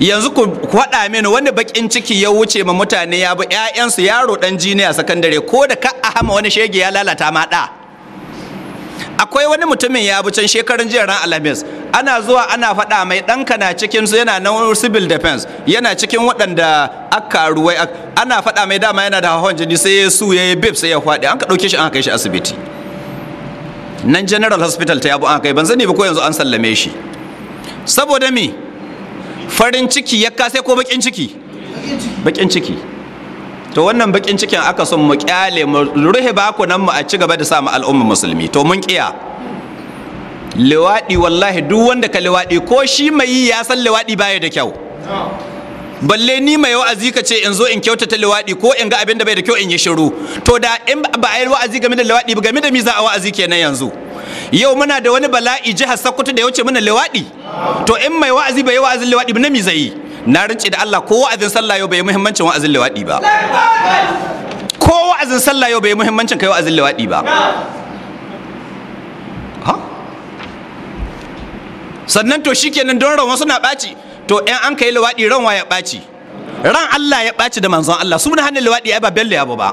yanzu ku faɗa mini wani bakin ciki ya wuce ma mutane ya bi ƴaƴansu yaro dan jini a sakandare ko da ka a hama wani shege ya lalata ma ɗa akwai wani mutumin ya bi can shekarun jiya ran alhamis ana zuwa ana faɗa mai ɗanka na cikin su yana na civil defense yana cikin waɗanda aka ruwai ana faɗa mai dama yana da hawan jini sai ya su ya yi bib sai ya faɗi an ka ɗauke shi an kai shi asibiti nan general hospital ta yabo an kai ban zani ba ko yanzu an sallame shi saboda me farin ciki ya kase ko bakin ciki bakin ciki to wannan bakin cikin aka son mu kyale mu ruhe ku nan mu a ci gaba da sa al'umma musulmi to mun kiya liwaɗi wallahi duk wanda ka liwaɗi ko shi mai yi ya san liwaɗi baya da kyau balle ni mai wa'azi ka ce in zo in kyautata liwaɗi ko in ga abin da bai da kyau in yi shiru to da in ba a yi wa'azi game da liwaɗi ba game da mi za a wa'azi kenan yanzu yau muna da wani bala'i jihar Sokoto da ya wuce muna liwaɗi to in mai wa'azi bai yi wa'azin liwaɗi ba na mi zai na rince da Allah ko wa'azin sallah yau bai yi muhimmancin wa'azin liwaɗi ba ko wa'azin sallah yau bai yi muhimmancin kai wa'azin liwaɗi ba sannan to shikenan don ran wasu na ɓaci to ɗan an kai liwaɗi ran wa ya ɓaci ran Allah ya ɓaci da manzon Allah su hannun liwaɗi ya ba bello ya ba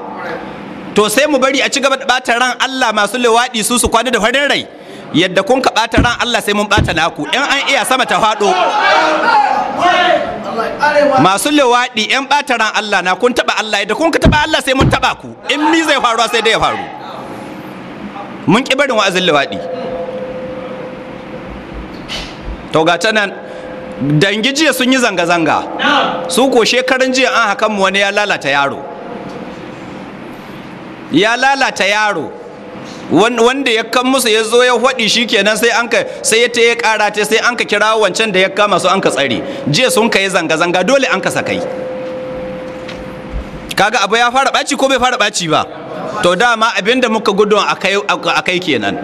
to sai mu bari a ci gaba da bata ran Allah masu lewaɗi su su kwana da farin rai yadda kun ka bata ran Allah sai mun ɓata naku in an iya sama ta faɗo masu lewaɗi yan bata ran Allah na kun taɓa Allah yadda kun ka taɓa Allah sai mun taɓa ku in mi zai faruwa sai dai ya faru mun ƙi barin wa'azin lewaɗi to ga ta nan dangi jiya sun yi zanga-zanga su ko shekaran jiya an hakan mu wani ya lalata yaro ya lalata yaro wanda ya kan musu ya zo ya faɗi shi kenan sai an ka sai ya taya ƙara ta sai an ka kira wancan da ya kama su an ka tsare jiya sun ka yi zanga-zanga dole an ka sakai kaga abu ya fara ɓaci ko bai fara ɓaci ba to dama abinda muka gudu a kai kenan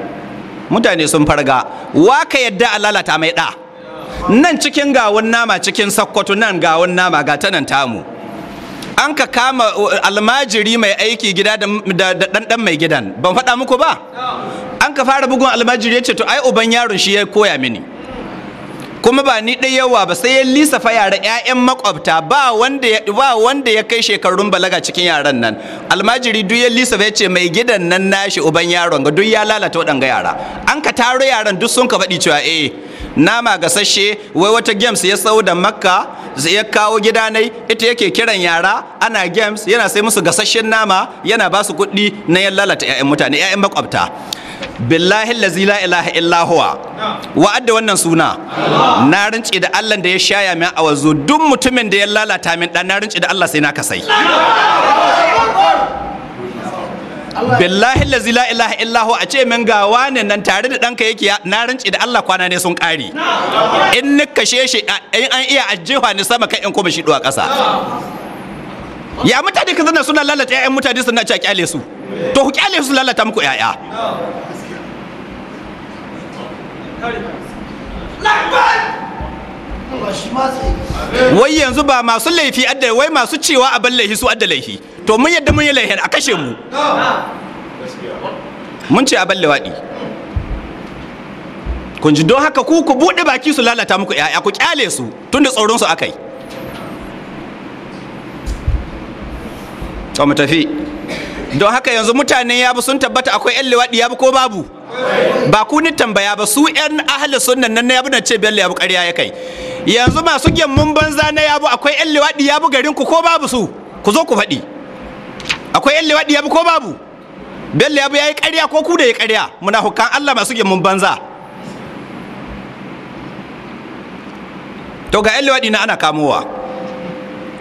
mutane sun farga waka ka yadda a lalata mai ɗa nan cikin gawon nama cikin sakkwato nan gawon nama ga tanan tamu an ka kama uh, almajiri mai aiki gida da ɗanɗan mai gidan ban faɗa muku ba an ka fara bugun almajiri ya ce to ai uban yaron shi ya koya mini kuma ba ni ɗaya yawa ba sai ya lissafa yara 'ya'yan makwabta ba wanda ya kai shekarun balaga cikin yaran nan almajiri duk ya lissafa ya ce mai gidan nan nashi uban yaron ga duk ya lalata waɗanga yara an ka taro yaran duk sun ka faɗi cewa eh nama gasashe wai wata games ya sau da makka ya kawo gida nai ita yake kiran yara ana games yana sai musu gasashen nama yana ba su kuɗi na yan lalata 'ya'yan mutane 'ya'yan makwabta billahi lazi la ilaha illa wa'adda wannan suna na rinci da Allah da ya shaya min a wazo duk mutumin da ya lalata min dan na rinci da Allah sai na kasai billahi lazi la ilaha illahu a ce min ga wane nan tare da ɗanka yake na rinci da Allah kwana ne sun ƙari in ni kashe shi in an iya ajewa ni sama kai in kuma shi duwa ƙasa ya mutane ka zana suna lalata 'ya'yan mutane suna a kyale su to ku kyale su lalata muku ƴaƴa? wai yanzu ba masu laifi adda wai masu cewa abin laifi su adda laifi to mun yadda mun yi laihin a kashe mu mun ce a balle waɗi kun ji don haka ku ku buɗe baki su lalata muku ya'ya ku kyale su tun da tsoron su aka yi to mu tafi don haka yanzu mutanen yabu sun tabbata akwai yan ya yabu ko babu ba ku ni tambaya ba su yan ahli sunnan nan yabu na ce bello yabu ƙarya ya kai yanzu masu mun banza na yabu akwai yan ya bu garin ku ko babu su ku zo ku faɗi akwai yan liwaɗi ya bi ko babu bello ya bi ya yi ƙarya ko ku da ya ƙarya muna hukan allah masu mun banza to ga yan liwaɗi na ana kamowa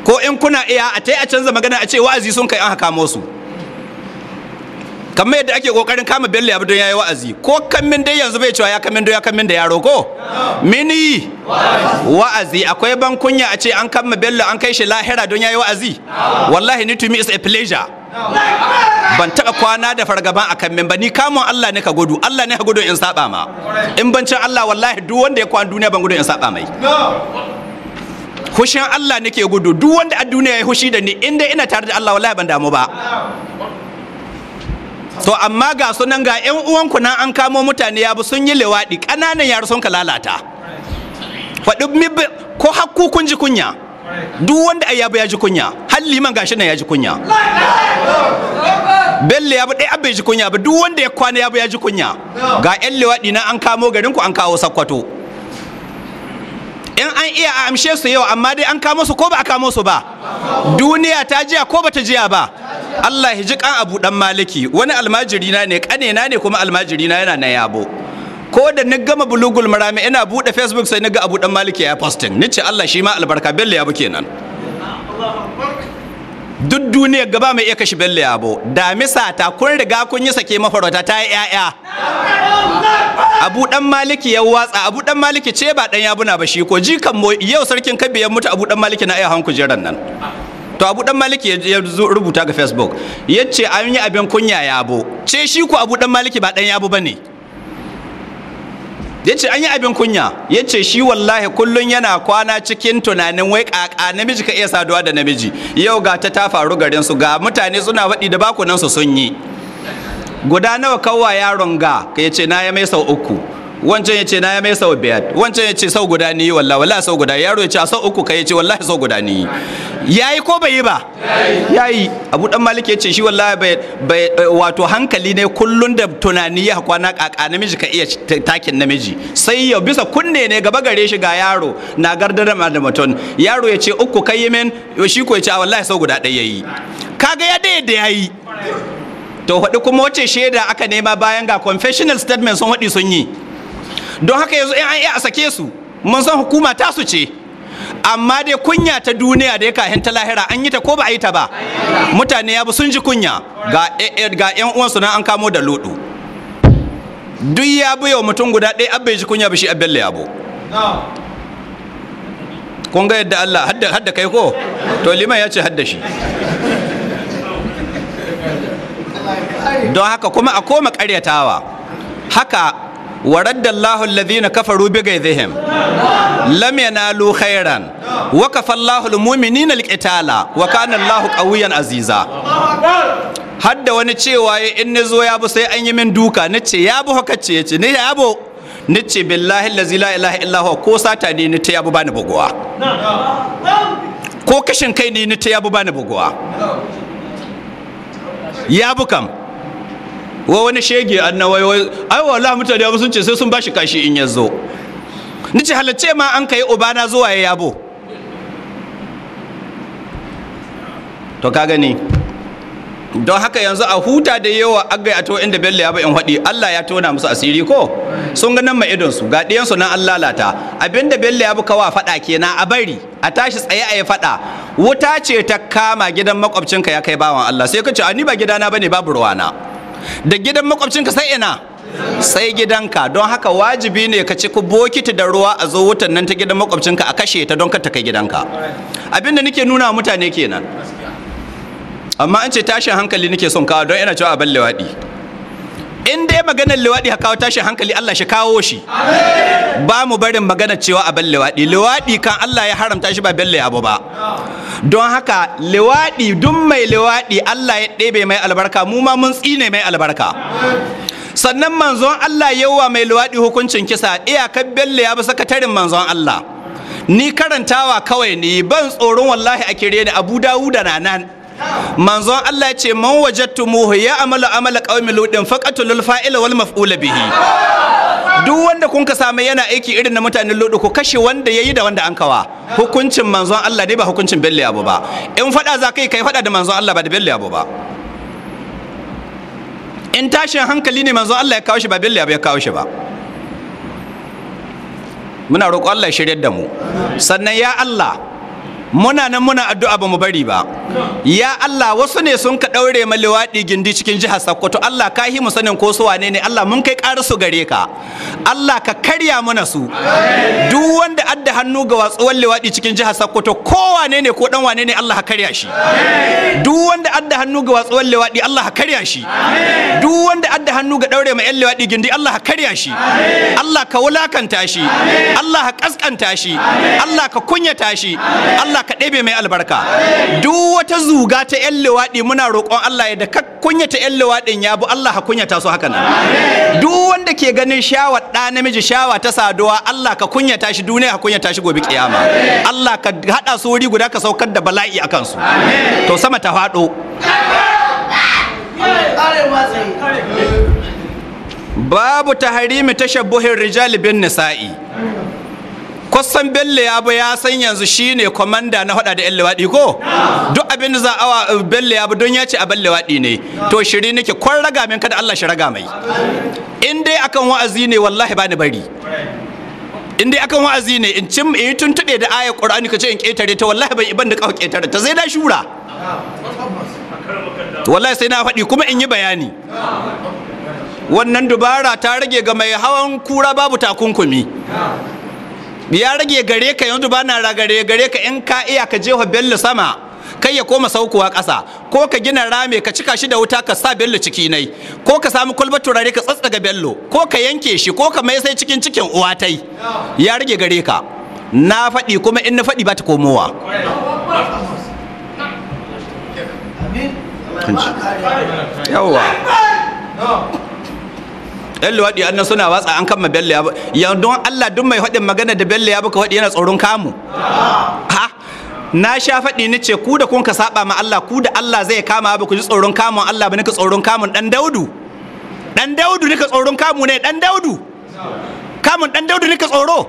ko in kuna iya a ta a canza magana a ce wa'azi sun kai an kamo su kamar yadda ake kokarin kama bello ya bi don ya yi wa'azi ko kamin dai yanzu bai cewa ya kamin don ya kamin da yaro ko mini wa'azi akwai ban kunya a ce an kama bello an kai shi lahira don ya yi wa'azi wallahi ni to me is a pleasure ban taɓa kwana da fargaban a kan ba ni kamun Allah ne ka gudu Allah ne ka gudu in saba ma in bancin Allah wallahi duk wanda ya kwan duniya ban gudu in saba mai hushin Allah ke gudu duk wanda a duniya ya hushi da ni inda ina tare da Allah wallahi ban damu ba to amma ga sunan ga yan uwanku nan an kamo mutane ya bi sun yi lewaɗi ƙananan yara sun ka lalata faɗi ko hakku kun ji kunya duk wanda ai ya ya ji kunya har liman gashi nan ya ji kunya belle ya bi dai abbe ji kunya ba duk wanda ya kwana ya ya ji kunya ga yan liwaɗi na an kamo garin ku an kawo sakkwato in an iya a amshe su yau amma dai an kamo su ko ba a kamo su ba duniya ta jiya ko ba ta jiya ba Allah ya ji kan abu dan maliki wani almajiri ne kanena ne kuma almajiri na yana na yabo ko da ni gama bulugul marami ina buɗe facebook sai ni ga abu dan maliki ya posting ni ce Allah shi ma albarka bello ya bu kenan duk duniya gaba mai iya kashi bello ya bu damisa ta kun riga kun yi sake mafarauta ta yi ya'ya abu dan maliki ya watsa abu dan maliki ce ba dan yabuna ba shi ko jikan mo yau sarkin kabe ya mutu abu dan maliki na iya hanku jiran nan to abu dan maliki ya rubuta ga facebook ya ce an yi abin kunya yabo ce shi ko abu dan maliki ba dan yabo ba ne ya ce an yi abin kunya ya ce shi wallahi kullum yana kwana cikin tunanin wai ƙaƙa namiji ka iya saduwa da namiji yau ga ta ta faru garin su ga mutane suna faɗi da bakunan su sun yi guda nawa kawwa yaron ga ka ce na ya mai sau uku wancan ya ce na ya mai sau biyar wancan ya ce sau guda ni walla walla sau guda yaro ya ce a sau uku kai ya ce wallahi sau guda ni Ya yi ko bai yi ba Ya yi. abu dan malik ya ce shi wallahi bai eh, wato hankali ne kullun da tunani ya kwana kaka namiji ka iya takin namiji sai ya bisa kunne ne gaba gare shi ga yaro na gardar da mutum yaro ya ce uku kai min shi ko ya ce wallahi sau guda ɗaya yayi kaga ya da yi. to faɗi kuma wace shaida aka nema bayan ga confessional statement sun haɗi sun yi don haka yanzu in an iya a sake su mun san hukuma ta su ce amma dai kunya ta duniya da ya kahin ta lahira an yi ta ko ba a yi ta ba mutane ya bi sun ji kunya ga yan e, e, uwansu nan an kamo da lodo duk ya bi yau mutum guda ɗaya abin ji kunya ba shi abin ya bu kun ga yadda Allah hadda kai ko to liman ya ce hadda shi don haka kuma a koma karyatawa haka ورد الله الذين كفروا بغيظهم لم ينالوا خيرا وكفى الله المؤمنين القتال وكان الله قويا عزيزا hadda wani cewa ya in ni zo ya bu sai an yi min duka ni ce ya bu haka ce ce ni ya bu ni ce billahi lazi la ilaha illahu ko sata ne ni ta ya bu bani buguwa ko kashin kai ne ni ta ya bu bani buguwa ya bu kam wa wani shege annawai wai ai wallahi mutane ba sun ce sai sun bashi kashi in ya zo nace halacce ma an kai ubana zuwa ya yabo to ka gani don haka yanzu a huta da yawa agai a to inda bello ya ba in hadi Allah ya tona musu asiri ko sun ga nan ma idon su ga diyan su nan an lalata abinda bello ya buka wa faɗa kenan a bari a tashi tsaye a yi faɗa wuta ce ta kama gidan makwabcinka ya kai bawan Allah sai ka ce ani ba gidana bane babu ruwana da gidan makwabcinka sai ina sai gidanka don haka wajibi ne ka ci ku bokiti da ruwa a zo wutan nan ta gidan makwabcinka a kashe ta don ka kai gidanka abin da nake nuna mutane kenan amma an ce tashin hankali nake son kawo don ina cewa a balle waɗi in dai maganar liwaɗi kawo tashin hankali Allah shi kawo shi ba mu barin magana cewa a liwaɗi liwaɗi kan Allah ya haramta shi ba ya abu ba don haka liwaɗi duk mai liwaɗi Allah ya ɗebe mai albarka mu ma mun tsine mai albarka sannan manzon Allah yawa mai liwaɗi hukuncin kisa iyakar Bello ya bi sakatarin manzon Allah ni karantawa kawai ne ban tsoron wallahi a kire ni abu dawuda na nan manzon Allah ya ce man mu ya amala amala qaumi ludin lil fa'ila wal maf'ula bihi duk wanda kun ka samu yana aiki irin na mutanen ludu ku kashe wanda yayi da wanda an kawa hukuncin manzon Allah dai ba hukuncin belli abu ba in fada za kai kai fada da manzon Allah ba da belli abu ba in tashin hankali ne manzon Allah ya kawo shi ba belli abu ya kawo shi ba muna roƙo Allah ya shirya da mu sannan ya Allah muna nan muna addu'a ba mu bari ba ya Allah wasu ne sun ka daure ma liwaɗi gindi cikin jihar Sokoto Allah ka hi mu sanin ko su wane ne Allah mun kai ƙara su gare ka Allah ka karya mana su duk wanda adda hannu ga watsuwar liwaɗi cikin jihar Sokoto ko wane ne ko dan wane ne Allah ka karya shi duk wanda adda hannu ga watsuwar liwaɗi Allah ka karya shi duk wanda adda hannu ga daure ma 'yan liwaɗi gindi Allah ka karya shi Allah ka wulakanta shi Allah ka kaskanta shi Allah ka kunyata shi Allah Allah ka ɗebe mai albarka duk wata zuga ta yan luwaɗi muna roƙon Allah ya da ka ta yan liwaɗin ya bu Allah ha ta su haka nan duk wanda ke ganin shawa ɗa namiji shawa ta saduwa Allah ka kunya ta shi duniya ka ta shi gobe kiyama Allah ka haɗa su wuri guda ka saukar da bala'i akan su to sama ta faɗo babu taharimi tashabbuhin rijali bin nisa'i kwasan bello ya ba ya san yanzu shine kwamanda na hada da yan lewaɗi ko duk abin da za awa eh, bello ya ba don ya ce a bello lewaɗi ne to shiri nake kwan raga min kada allah shi raga mai in dai akan wa'azi ne wallahi bani bari in dai akan wa'azi ne in cin yi tuntuɗe da ayar ƙur'ani ka ce in ƙetare ta wallahi ban iban da ƙawa ƙetare ta zai da shura wallahi sai na faɗi kuma in yi bayani wannan dubara ta rage ga mai hawan kura babu takunkumi ya rage gare ka yanzu ba na ragare gare ka in ka iya ka jefa bello sama kai ya koma saukowa ƙasa ko ka gina rame ka cika shi da wuta ka sa bello ciki nai ko ka samu kulbar turare ka tsatsaga bello ko ka yanke shi ko ka mai sai cikin cikin uwatai. ya rage gare ka na faɗi kuma in na faɗi ba ta komowa yawwa yan luwaɗi annan suna watsa an kama bello ya ya don Allah duk mai haɗin magana da bello ya baka haɗi yana tsoron kamu ha na sha faɗi ni ce ku da kun ka saba ma Allah ku da Allah zai kama ba ku ji tsoron kamun Allah ba nika tsoron kamun dan daudu dan daudu nika tsoron kamu ne dan daudu kamun dan daudu nika tsoro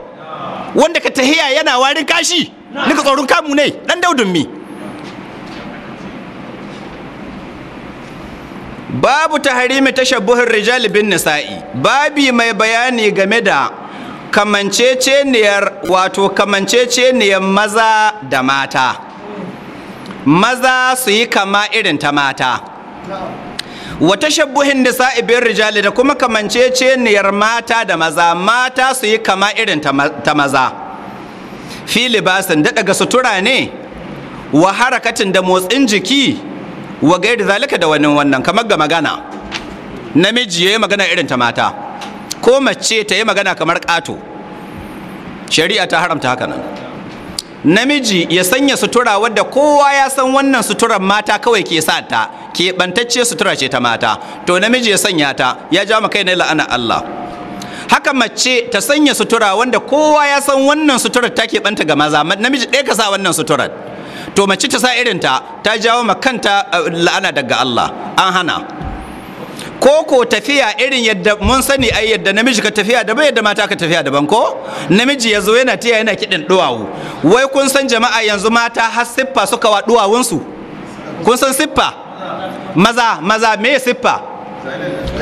wanda ka tahiya yana warin kashi nika tsoron kamu ne dan daudun mi babu taharimi tashabbuhur rijal bin nisa'i babi mai bayani game da kamanceceniyar wato kamanceceniyar maza da mata maza su yi kama irin ta mata wa tashabbuhin nisa'i bin rijal da kuma kamanceceniyar mata da maza mata su yi kama irin ta maza Fili basin daɗa daga sutura ne wa harakatin da motsin jiki wa gaida zalika da wani wannan kamar ga magana namiji ya yi magana irin ta mata ko mace ta yi magana kamar ƙato shari'a ta haramta haka nan namiji ya sanya sutura wadda kowa ya san wannan suturar mata kawai ke sa ta ke bantacce sutura ce ta mata to namiji ya sanya ta ya ja kai na la'ana Allah haka mace ta sanya sutura wanda kowa ya san wannan suturar ta ke banta ga maza namiji ɗaya ka sa wannan suturar to mace ta sa irinta ta jawo ma kanta uh, la'ana daga Allah an hana ko ko tafiya irin yadda mun sani ai yadda namiji ka tafiya daban yadda mata ka tafiya daban ko namiji ya zo yana tiya yana kiɗan duwawu wai kun san jama'a yanzu mata har siffa suka wa duwawunsu kun san siffa maza maza me siffa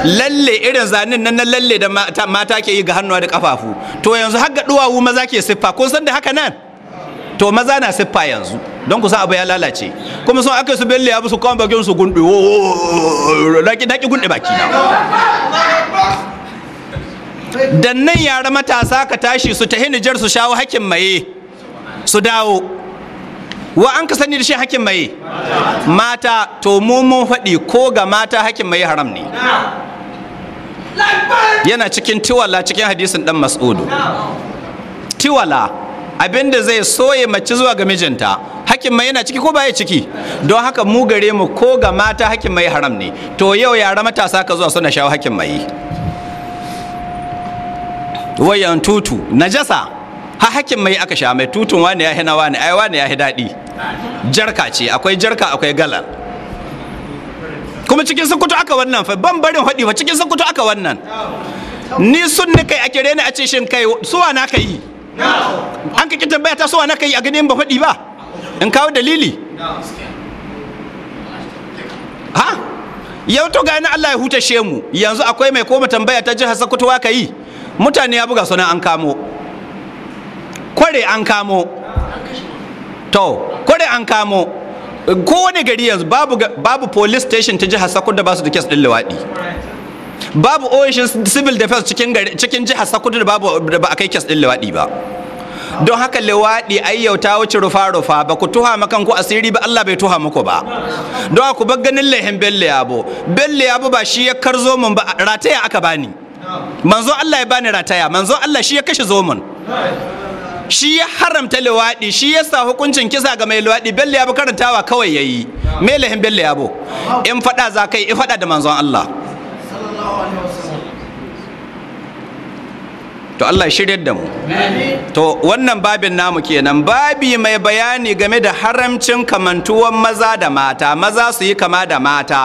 lalle irin zanen nan na lalle da mata ke yi ga hannuwa da kafafu to yanzu har ga duwawu maza ke siffa kun san da haka nan to maza na siffa yanzu don kusa abu ya lalace kuma sun aka su belle ya su kawon bakin su gundu raki oh, oh, oh, daki gundu baki na dan nan yara matasa ka tashi su ta hinijar su shawo hakin maye su dawo wa an ka sani da shi hakin maye mata to mu mun faɗi ko ga mata hakin maye haram ne yana cikin tiwala cikin hadisin dan mas'udu tiwala abinda zai soye mace zuwa ga mijinta hakin mai yana ciki ko baya ciki don haka mu gare mu ko ga mata hakin mai haram ne to yau yara matasa ka zuwa suna shawo hakin mai wayan tutu najasa ha hakin mai aka sha mai tutun wani ya hina wani ai wani ya hi daɗi jarka ce akwai jarka akwai galan. kuma cikin sun kutu aka wannan fa ban barin haɗi ba, cikin sun kutu aka wannan ni sun ni kai a kire ni a ce shin kai suwa na kai an ka ƙi tambaya ta so na kai a ganin ba faɗi ba in kawo dalili ha yau to gani Allah ya hutashe mu yanzu akwai mai koma tambaya ta jihar Sakutuwa ka yi mutane ya buga sunan an kamo kware an kamo to kware an kamo kowane gari yanzu babu police station ta jihar Sokoto da ba su da kes din luwaɗi babu ofishin civil defense cikin cikin jihar Sakudu da babu da ba a kai kes din lewadi ba don haka ai yauta wuce rufa rufa ba ku tuha makan ku asiri ba Allah bai tuha muku ba don ku bar ganin lehin belle yabo belle yabo ba shi ya karzo mun ba rataya aka bani manzo Allah ya bani rataya manzo Allah shi ya kashe mun shi ya haramta lewadi shi ya sa hukuncin kisa ga mai lewadi belle yabo karantawa kawai yayi me lehin belle yabo in fada za kai in fada da manzon Allah to Allah shiryar da mu to wannan babin namu kenan babi mai bayani game da haramcin kamantuwar maza da mata maza su yi kama da mata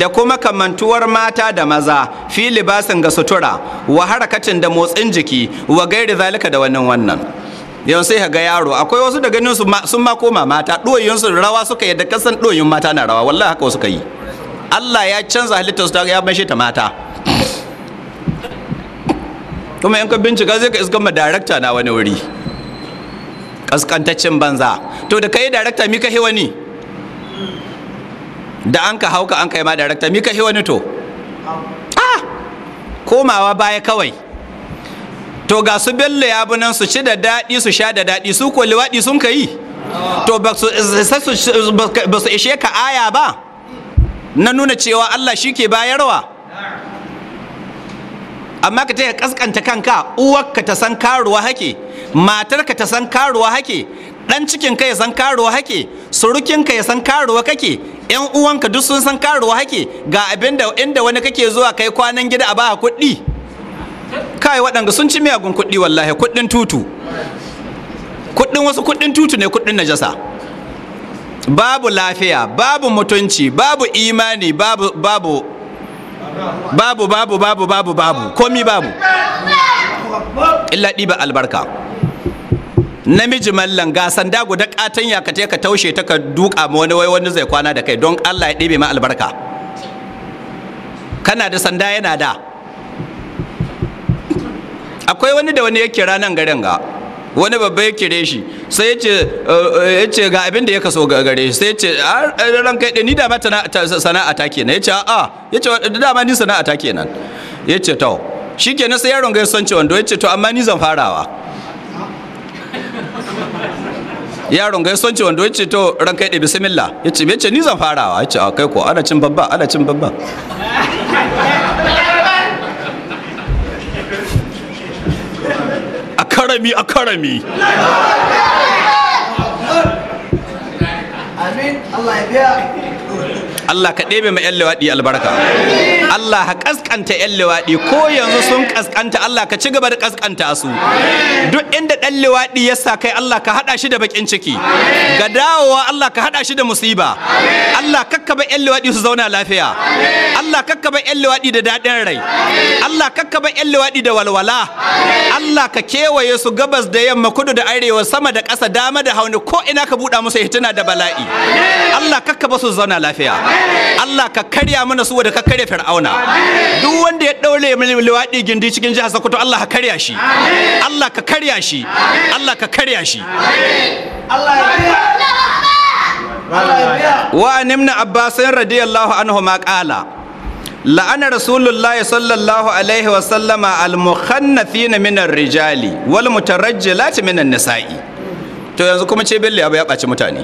da kuma kamantuwar mata da maza fi libasin ga sutura wa harakacin da motsin jiki wa gairi zalika da wannan wannan Yau sai ga yaro akwai wasu da ganin sun ma koma mata ɗoyinsu rawa suka yi da kasan ɗoyin mata na rawa wallahi haka wasu ka yi Allah ya canza halittar su ya mai ta mata kuma in ka bincika zai ka iskan ma darakta na wani wuri kaskantaccen banza to da kai darakta mika hewa ni da an ka hauka an kai ma darakta mika hewa ni to ah komawa baya kawai to ga su bello ya nan su ci da daɗi su sha da daɗi su ko liwaɗi sun ka yi to ba su ishe ka aya ba na nuna cewa Allah shi ke bayarwa amma ka taya kaskanta kanka uwarka ta san karuwa hake matarka ta san karuwa hake dan cikinka ya san karuwa hake surukinka ya san karuwa kake yan uwanka duk sun san karuwa hake ga abin da inda wani kake zuwa kai kwanan gida a baka kuɗi kai waɗanda sun ci miyagun kuɗi wallahi kuɗin tutu kuɗin wasu kuɗin tutu ne kuɗin najasa babu lafiya babu mutunci babu imani babu babu babu babu babu babu babu komi babu illadi ba albarka namiji mallan ga sanda guda katan ya kate ka taushe ta ka duka ma wani wani zai kwana da kai don allah ya ɗebe ma albarka kana da sanda yana da akwai wani da wani yake kira garin ga wani babba ya kire shi sai ya ce oh, oh, ga abin da ya kaso gare shi sai ya ce ah, eh, ran kai ni dama sana'a ta kenan ya ce a ah, ya ce da dama ni sana'a ta kenan ya ce to shikenan sai yaron gai son ce wando ya ce to amma ni zan farawa yaron gai son ce wando ya ce to ran kai bismillah ya ce ni zan farawa ya ce a ah, kai ko ana cin babba ana cin babba a karami a Allah ka ɗebe ma 'yan lewaɗi albarka Allah ka ƙasƙanta 'yan lewaɗi ko yanzu sun ƙasƙanta Allah ka ci gaba da ƙasƙanta su duk inda ɗan lewaɗi ya sa kai Allah ka haɗa shi da baƙin ciki ga dawowa Allah ka haɗa shi da musiba Allah kakkaba 'yan lewaɗi su zauna lafiya Allah kakka ba yan luwaɗi da daɗin rai Allah kakka ba yan luwaɗi da walwala Allah ka kewaye su gabas da yamma kudu da arewa sama da ƙasa dama da hauni ko ina ka buɗa musu hituna da bala'i Allah kakka ba su zauna lafiya Allah ka karya mana su da ka karya fir'auna duk wanda ya ɗaure luwaɗi gindi cikin jihar Sokoto Allah ka karya shi Allah ka karya shi Allah ka karya shi Allah ya karya wa nimna abbasin radiyallahu anhu ma قال la'ana rasulullahi sallallahu alaihi wa sallama al-mukhannafina min rijali wal mutarajjilati min nisai to yanzu kuma ce belle abu ya baci mutane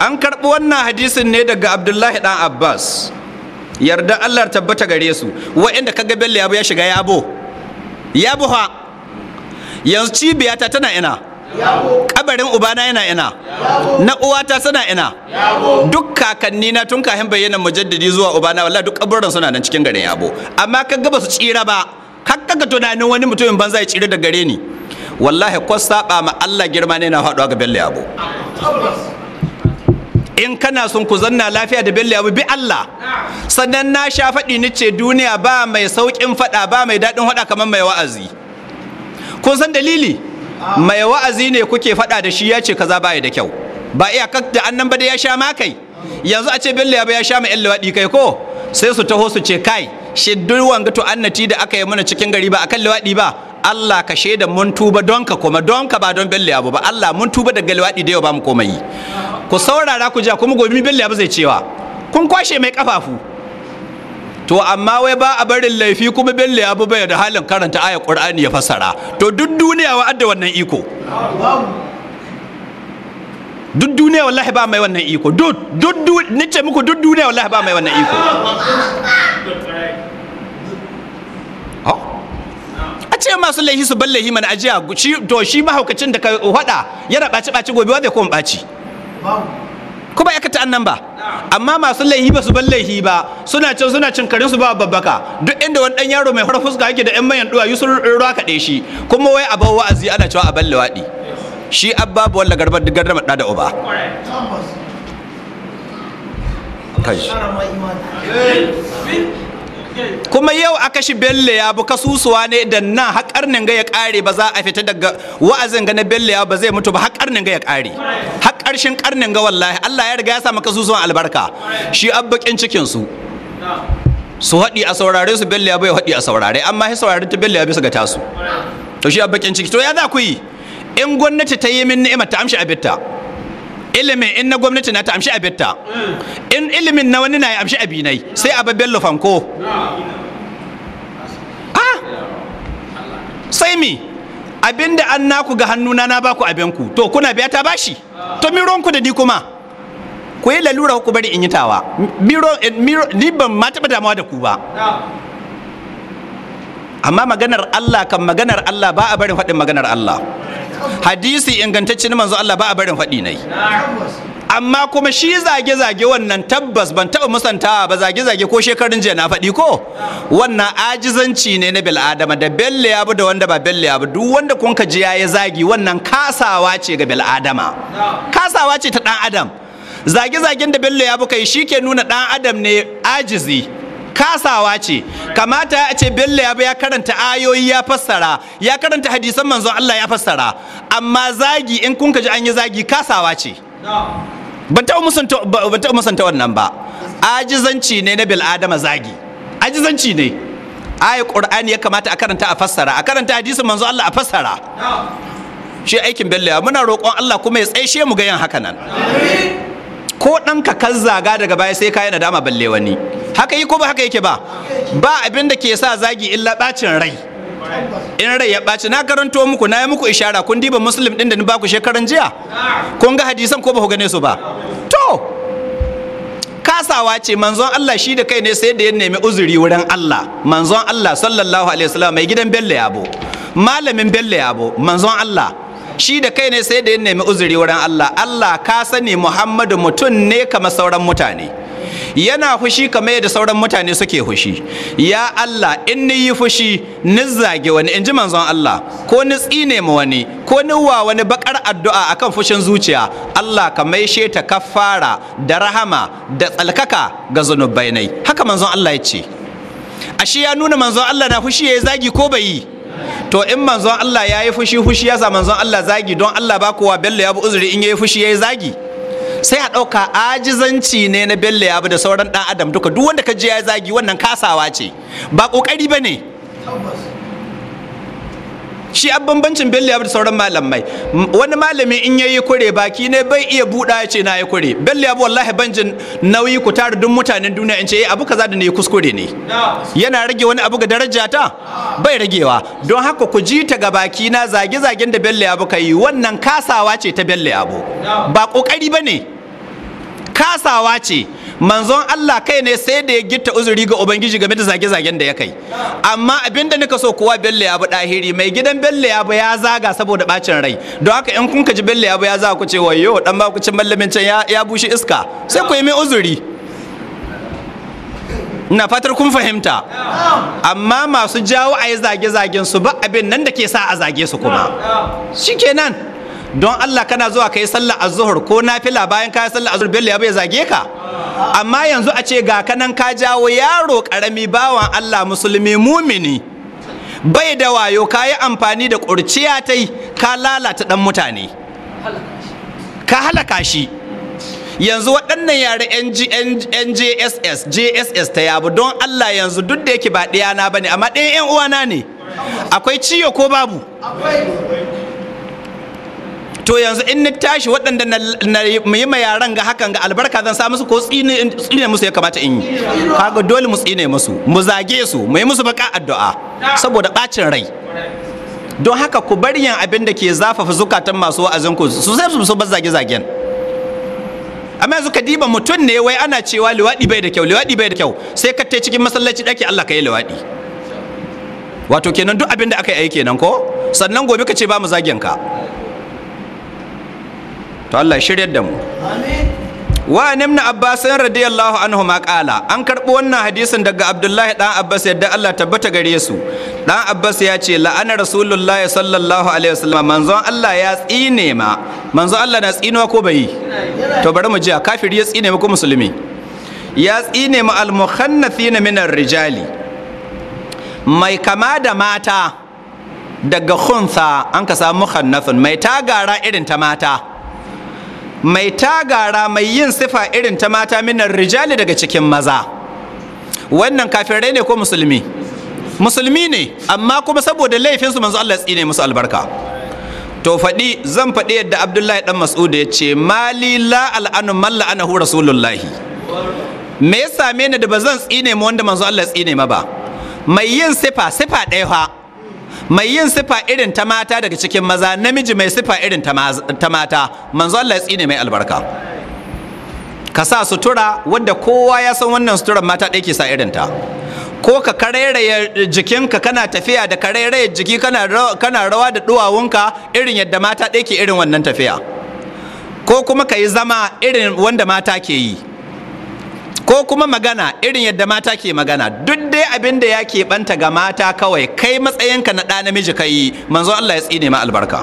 an karɓi wannan hadisin ne daga abdullahi dan abbas yarda Allah tabbata gare su wa'inda kaga Bello abu ya shiga yabo yabo ha yanzu cibiyata tana ina kabarin ubana yana ina na uwata suna ina duk kakanni na tun kahin bayyana mujaddidi zuwa ubana wallahi duk kaburin suna nan cikin garin yabo amma ka gaba su tsira ba kakka tunanin wani mutumin banza ya tsira da gare ni wallahi ko saba ma Allah girma ne na faɗuwa ga Bello Yabo in kana son ku zanna lafiya da Bello Yabo bi Allah sannan na sha faɗi ni ce duniya ba mai saukin faɗa ba mai daɗin faɗa kamar mai wa'azi kun san dalili mai wa'azi ne kuke faɗa da shi ya ce kaza baya da kyau ba iyakar da annan ba da ya sha ma kai yanzu a ce bello ya ba ya sha ma yan wadi kai ko sai su taho su ce kai shi duk wanga to annati da aka yi mana cikin gari ba akan liwaɗi ba Allah ka shaida mun tuba don ka kuma don ka ba don bello ba Allah mun tuba daga liwaɗi da yau ba mu komai ku saurara ku ja kuma gobe bello ba zai cewa kun kwashe mai kafafu to amma wai ba a barin laifi kuma bello ya bai da halin karanta ayar qur'ani ya fassara to duk duniya wa adda wannan iko duk duniya wallahi ba mai wannan iko duk duk nice muku duk duniya wallahi ba mai wannan iko a ce masu laihi su balle himan mana ajiya to shi mahaukacin da ka hada yana ɓaci ɓaci gobe wa zai koma ɓaci kuma ya kata annan ba amma masu laihi ba su ban laihi ba suna cin suna cin karin su ba babbaka duk inda wani dan yaro mai har fuska yake da yan mayan duwa sun ruwa kaɗe shi kuma wai a bawa wa'azi ana cewa a ban lawadi shi abba ba walla garbar garbar da uba kai kuma yau aka shi bello ya bu kasusuwa ne da na haƙar ga ya ƙare ba za a fita daga wa'azin ga na bello ya ba zai mutu ba haƙar ga ya ƙare haƙar shin ƙarnin ga wallahi Allah ya riga ya samu kasusuwan albarka shi abbakin cikin su su haɗi a saurare su bello ya bai haɗi a saurare amma ya saurare ta bello ya bisa ga tasu to shi abbakin ciki to ya za ku yi in gwamnati ta yi min ni'ima ta amshi abinta ilimin in na gwamnati na ta amshi a in ilimin na wani na ya amshi a binai sai a babello fanko ha sai mi abinda an naku ga hannuna na baku abinku to kuna biya ta bashi to mironku da ni kuma ku yi lalura ku bari in yi tawa eh, ni ban ma taɓa damuwa da ku ba amma maganar Allah kan maganar Allah ba a barin faɗin maganar Allah hadisi ingantaccen manzo Allah ba a barin faɗi nai amma kuma shi zage-zage wannan tabbas ban taɓa musantawa ba zage-zage ko shekarun jiya na faɗi ko wannan ajizanci ne na adama da belle ya da wanda ba belle ya duk wanda kun ka ji yayi zagi wannan kasawa ce ga adama kasawa ce ta dan adam zage-zagen da bello ya bu shi ke nuna ɗan adam ne ajizi kasawa ce kamata a ce bello ya ya karanta ayoyi ya fassara ya karanta hadisan manzon Allah ya fassara amma zagi in kun ji an yi zagi kasawa ce ban taɓa musanta wannan ba ajizanci ne na bil adama zagi ajizanci ne ayi qur'ani ya kamata a karanta a fassara a karanta hadisin manzo Allah a fassara shi aikin bello muna roƙon Allah kuma ya tsaishe mu ga yin haka nan ko ɗan kan zaga daga baya sai kayan nadama balle wani haka yi ko ba haka yake ba ba abin da ke sa zagi illa ɓacin rai in rai ya ɓaci na karanto muku na yi muku ishara kun diba musulun ɗin da ni baku shekaran jiya kun ga hadisan ko ba ku gane su ba to kasawa ce manzon Allah shi da kai ne sai da ya nemi uzuri wurin Allah manzon Allah sallallahu alaihi wasallam mai gidan Bello Yabo malamin Bello Yabo manzon Allah shi da kai ne sai da ya nemi uzuri wurin Allah Allah ka sani Muhammadu mutum ne kamar sauran mutane yana fushi kamar yadda sauran mutane suke fushi ya Allah in ni yi fushi ni zage wani in ji manzon Allah ko ni tsine ma wani ko ni wa wani bakar addu'a akan fushin zuciya Allah ka maishe ta kafara da rahama da tsalkaka ga zunubai nai haka manzon Allah ya ce ashe ya nuna manzon Allah na fushi ya zagi ko bai yi to in manzon Allah ya yi fushi fushi ya sa manzon Allah zagi don Allah ba kowa bello ya bi uzuri in ya yi fushi ya yi zagi sai a ɗauka ajizanci ne na bello ya bi da sauran ɗan adam duka duk wanda ka je ya zagi wannan kasawa ce ba ƙoƙari ba ne shi an bambancin bello ya da sauran malamai wani malami in yayi kure baki ne bai iya buɗa ya ce na yi kure bello ya wallahi ban jin nauyi ku tara duk mutanen duniya in ce eh, abu kaza da ne kuskure ne yana rage wani abu ga daraja ta bai ragewa don haka ku ji ta ga baki na zage zagen da bello ya ka yi wannan kasawa ce ta bello ya ba kokari bane kasawa ce manzon Allah kai ne sai da ya gitta uzuri ga ubangiji game da zage-zagen da ya kai amma abin da nika so kuwa bello ya bu dahiri mai gidan bello ya bu ya zaga saboda bacin rai don haka in kun kaji bello ya bu ya zaga ku ce wayo dan ba ku ci mallamin can ya bushe iska sai ku yi mai uzuri na fatar kun fahimta amma masu jawo a yi zage-zagen su ba abin nan da ke sa a zage su kuma shikenan don Allah kana zuwa ka yi sallah zuhur ko nafila bayan ka yi sallah zuhur bello ya zage ka amma yanzu a ce ga kanan ka jawo yaro karami bawan Allah musulmi mumini bai da wayo ka yi amfani da ƙurciya ta yi ka lalata ɗan mutane ka halaka shi yanzu waɗannan yare njss jss ta yabu don allah yanzu duk da yake ba ɗaya na ba ne amma ɗaya 'yan uwana ne akwai ciyo ko babu to yanzu in ni tashi waɗanda na yi ma yaran ga hakan ga albarka zan sa musu ko tsine musu ya kamata in yi kaga dole mu tsine musu mu zage su mu yi musu baka addu'a saboda bacin rai don haka ku bari yin abin da ke zafafa zukatan masu wa'azin ku su sai su bar zage zagen amma yanzu ka diba mutum ne wai ana cewa liwaɗi bai da kyau liwaɗi bai da kyau sai ka tai cikin masallaci ɗaki Allah ka yi liwaɗi wato kenan duk abin da aka yi nan ko sannan gobe ka ce ba mu zagen ka to Allah shirya da mu wa nimna abbasin radiyallahu anhu ma kala an karɓi wannan hadisin daga abdullahi dan abbas yadda Allah tabbata gare su dan abbas ya ce la'ana rasulullah sallallahu alaihi wasallam manzon Allah ya tsine ma manzon Allah na tsinuwa ko bai to bari mu ji kafiri ya tsine ma ko musulmi ya tsine ma al-mukhannathina min rijali mai kama da mata daga khunsa an ka samu mukhannathun mai tagara irin ta mata mai tagara mai yin sifa irin ta mata minar rijali daga cikin maza wannan kafirai ne ko musulmi musulmi ne amma kuma saboda laifinsu manzo Allah tsine musu albarka to faɗi zan faɗi yadda abdullahi dan mas'ud ya ce mali la al'anu malla anahu, rasulullahi me ya same ni da bazan tsine mu wanda manzo Allah tsine ma ba mai yin sifa sifa ɗaya fa mai yin sifa irin ta mata daga cikin maza namiji mai sifa irin ta mata manzo Allah ya tsine mai albarka ka sa sutura wadda kowa ya san wannan suturar mata ɗaya ke sa irin ta ko ka karairaya jikinka kana tafiya da karairaya jiki kana rawa da duwawunka irin yadda mata ɗaya ke irin wannan tafiya ko kuma ka yi zama irin wanda mata ke yi ko kuma magana irin yadda mata ke magana duk dai abin da ya keɓanta ga mata kawai kai matsayinka na ɗa namiji ka yi manzo Allah ya tsine ma albarka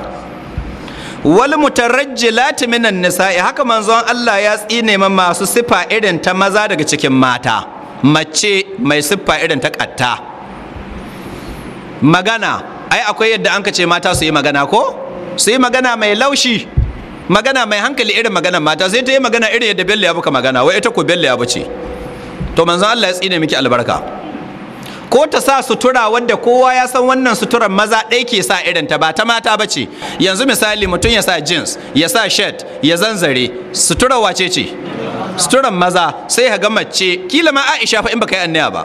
wal mutarajjilat minan nisa'i haka manzon Allah ya tsine ma masu sifa irin ta maza daga cikin mata mace mai siffa irin ta ƙatta magana ai akwai yadda anka ce mata su yi magana ko su yi magana mai laushi magana mai hankali irin magana mata sai ta yi magana irin yadda bello ya buka magana wai ita ko bello ya buce? to manzon Allah ya tsine miki albarka ko ta sa sutura wanda kowa ya san wannan suturar maza ɗaya ke sa irin ta ba ta mata bace yanzu misali mutum ya sa jeans ya sa shirt ya zanzare sutura wace ce suturar maza sai ga mace kila ma Aisha fa in baka yi annaya ba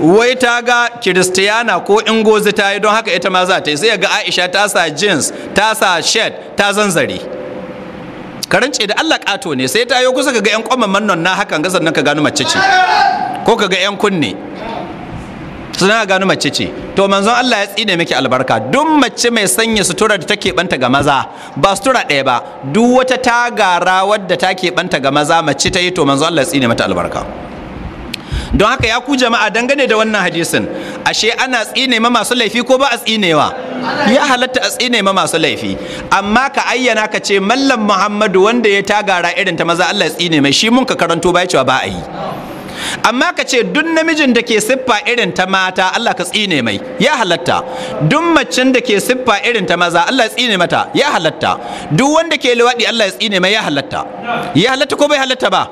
wai ta ga kiristiyana ko ingozi ta yi don haka ita ma za ta yi sai ga aisha ta sa jeans ta sa shirt ta zanzare karance da allah kato ne sai ta yi kusa ga yan kwamman nan na hakan ga sannan ka gano mace ce ko ka ga yan kunne suna gano mace ce to manzon Allah ya tsine miki albarka duk mace mai sanya sutura da take banta ga maza ba sutura ɗaya ba duk wata tagara wadda take banta ga maza mace ta yi to manzon Allah ya tsine mata albarka don haka ya ku jama'a dangane da wannan hadisin ashe ana tsine ma masu laifi ko ba a tsinewa ya halatta a tsine ma masu laifi amma ka ayyana ka ce mallam muhammadu wanda ya tagara irin ta maza allah ya tsine mai shi mun ka karanto ba ya cewa ba a yi amma ka ce duk namijin da ke siffa irin ta mata Allah ka tsine mai ya halatta duk macen da ke siffa irin ta maza Allah ya tsine mata ya halatta duk wanda ke liwaɗi Allah ya tsine mai ya halatta ya halatta ko bai halatta ba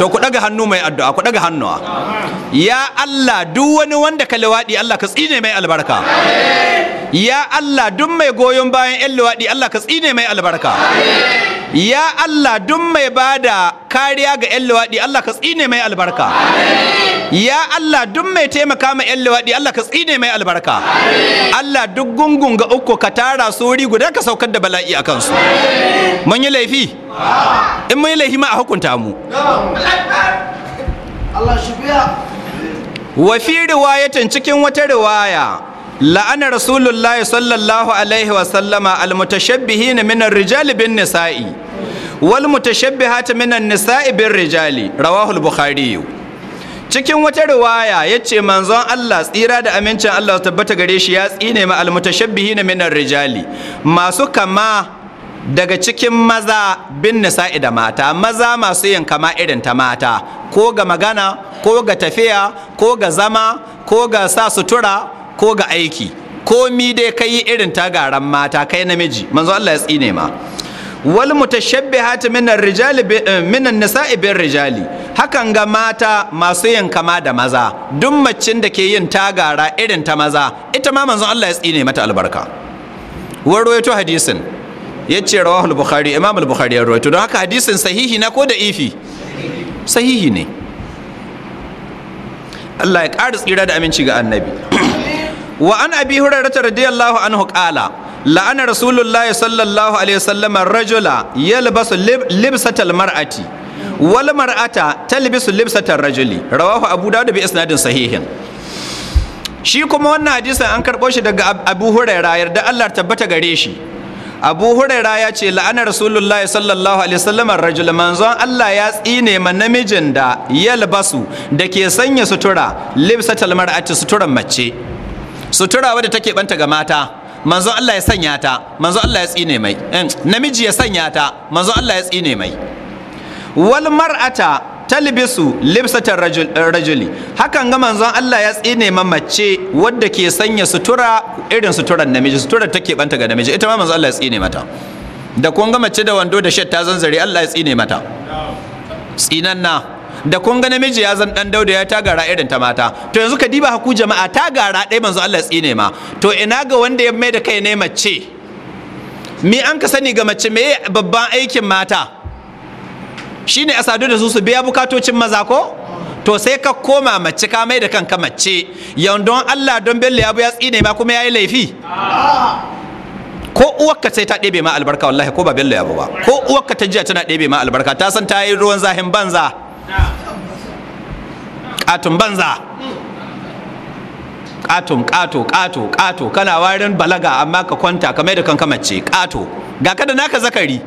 to ku daga hannu mai addu'a ku daga hannuwa ya Allah duk wani wanda ka liwaɗi Allah ka tsine mai albarka ya Allah duk mai goyon bayan 'yan luwaɗi Allah ka tsine mai albarka ya Allah duk mai bada kariya ga 'yan luwaɗi Allah ka tsine mai albarka ya Allah duk mai taimaka ma 'yan luwaɗi Allah ka tsine mai albarka Allah duk gungun ga uku ka tara su wuri guda ka saukar da bala'i a kansu mun yi laifi ah. in mun yi laifi ma a hukunta mu wa fi riwayatin cikin wata riwaya la'ana rasulullahi sallallahu alaihi الله عليه na minan rijali bin nisa'i wal من minan nisa'i bin rijali rawahul bukhari cikin wata riwaya ya ce manzon Allah tsira da amincin Allah tabbata gare shi ya tsine ma almutashabbihi na minan rijali masu kama daga cikin maza bin nisa'i da mata maza masu yin kama irin ta mata ko ga magana ko ga tafiya ko ga zama ko ga sa sutura ko ga aiki ko mi dai kai irin tagaran mata kai namiji manzo Allah ya tsine ma wal mutashabbihati minar rijali eh, minan nisa'i bir rijali hakan ga mata masu yin kama da maza duk macin da ke yin tagara irin ta maza ita ma manzo Allah ya tsine mata albarka waro rawaito hadisin yace rawahul bukhari imam al-bukhari ya rawaito don haka hadisin sahihi na ko da ifi sahihi ne Allah ya ƙara tsira da aminci ga annabi wa an abi hurairah radiyallahu anhu qala la'ana rasulullahi sallallahu alaihi wasallam rajula yalbasu libsatal mar'ati wal mar'ata talbisu libsatar rajuli rawahu abu dawud bi isnadin sahihin shi kuma wannan hadisin an karbo shi daga abu huraira yarda Allah tabbata gare shi abu huraira ya ce la'ana rasulullahi sallallahu alaihi wasallam rajul manzon Allah ya tsine ma namijin da yalbasu da ke sanya sutura libsatal mar'ati suturan mace sutura wadda take banta ga mata manzo Allah ya sanya ta manzo Allah ya tsine mai namiji ya sanya ta manzo Allah ya tsine mai wal mar'ata talbisu libsatar eh, rajuli hakan ga manzon Allah ya tsine mace wadda ke sanya sutura irin suturan namiji suturar take banta ga namiji ita ma manzon Allah ya tsine mata da kun ga mace da wando da shed ta zanzare Allah ya tsine mata tsinanna da kun ga namiji ya zan dan dauda ya tagara irin ta mata to yanzu ka diba haku jama'a tagara dai manzo Allah tsine ma to ina ga wanda ya mai da kai ne mace me an ka sani ga mace me babban aikin mata shine asadu da su su biya bukatocin maza ko to sai ka koma mace ka mai da kanka mace yau don Allah don bello ya ya tsine ma kuma yayi laifi ko uwarka sai ta ɗebe ma albarka wallahi ko ba bello ya ba ko uwarka ta jiya tana ɗebe ma albarka ta san ta yi ruwan zahin banza katon banza katon kato kato kato kana warin balaga amma ka kwanta ka mai da kanka mace kato ga kada naka zakari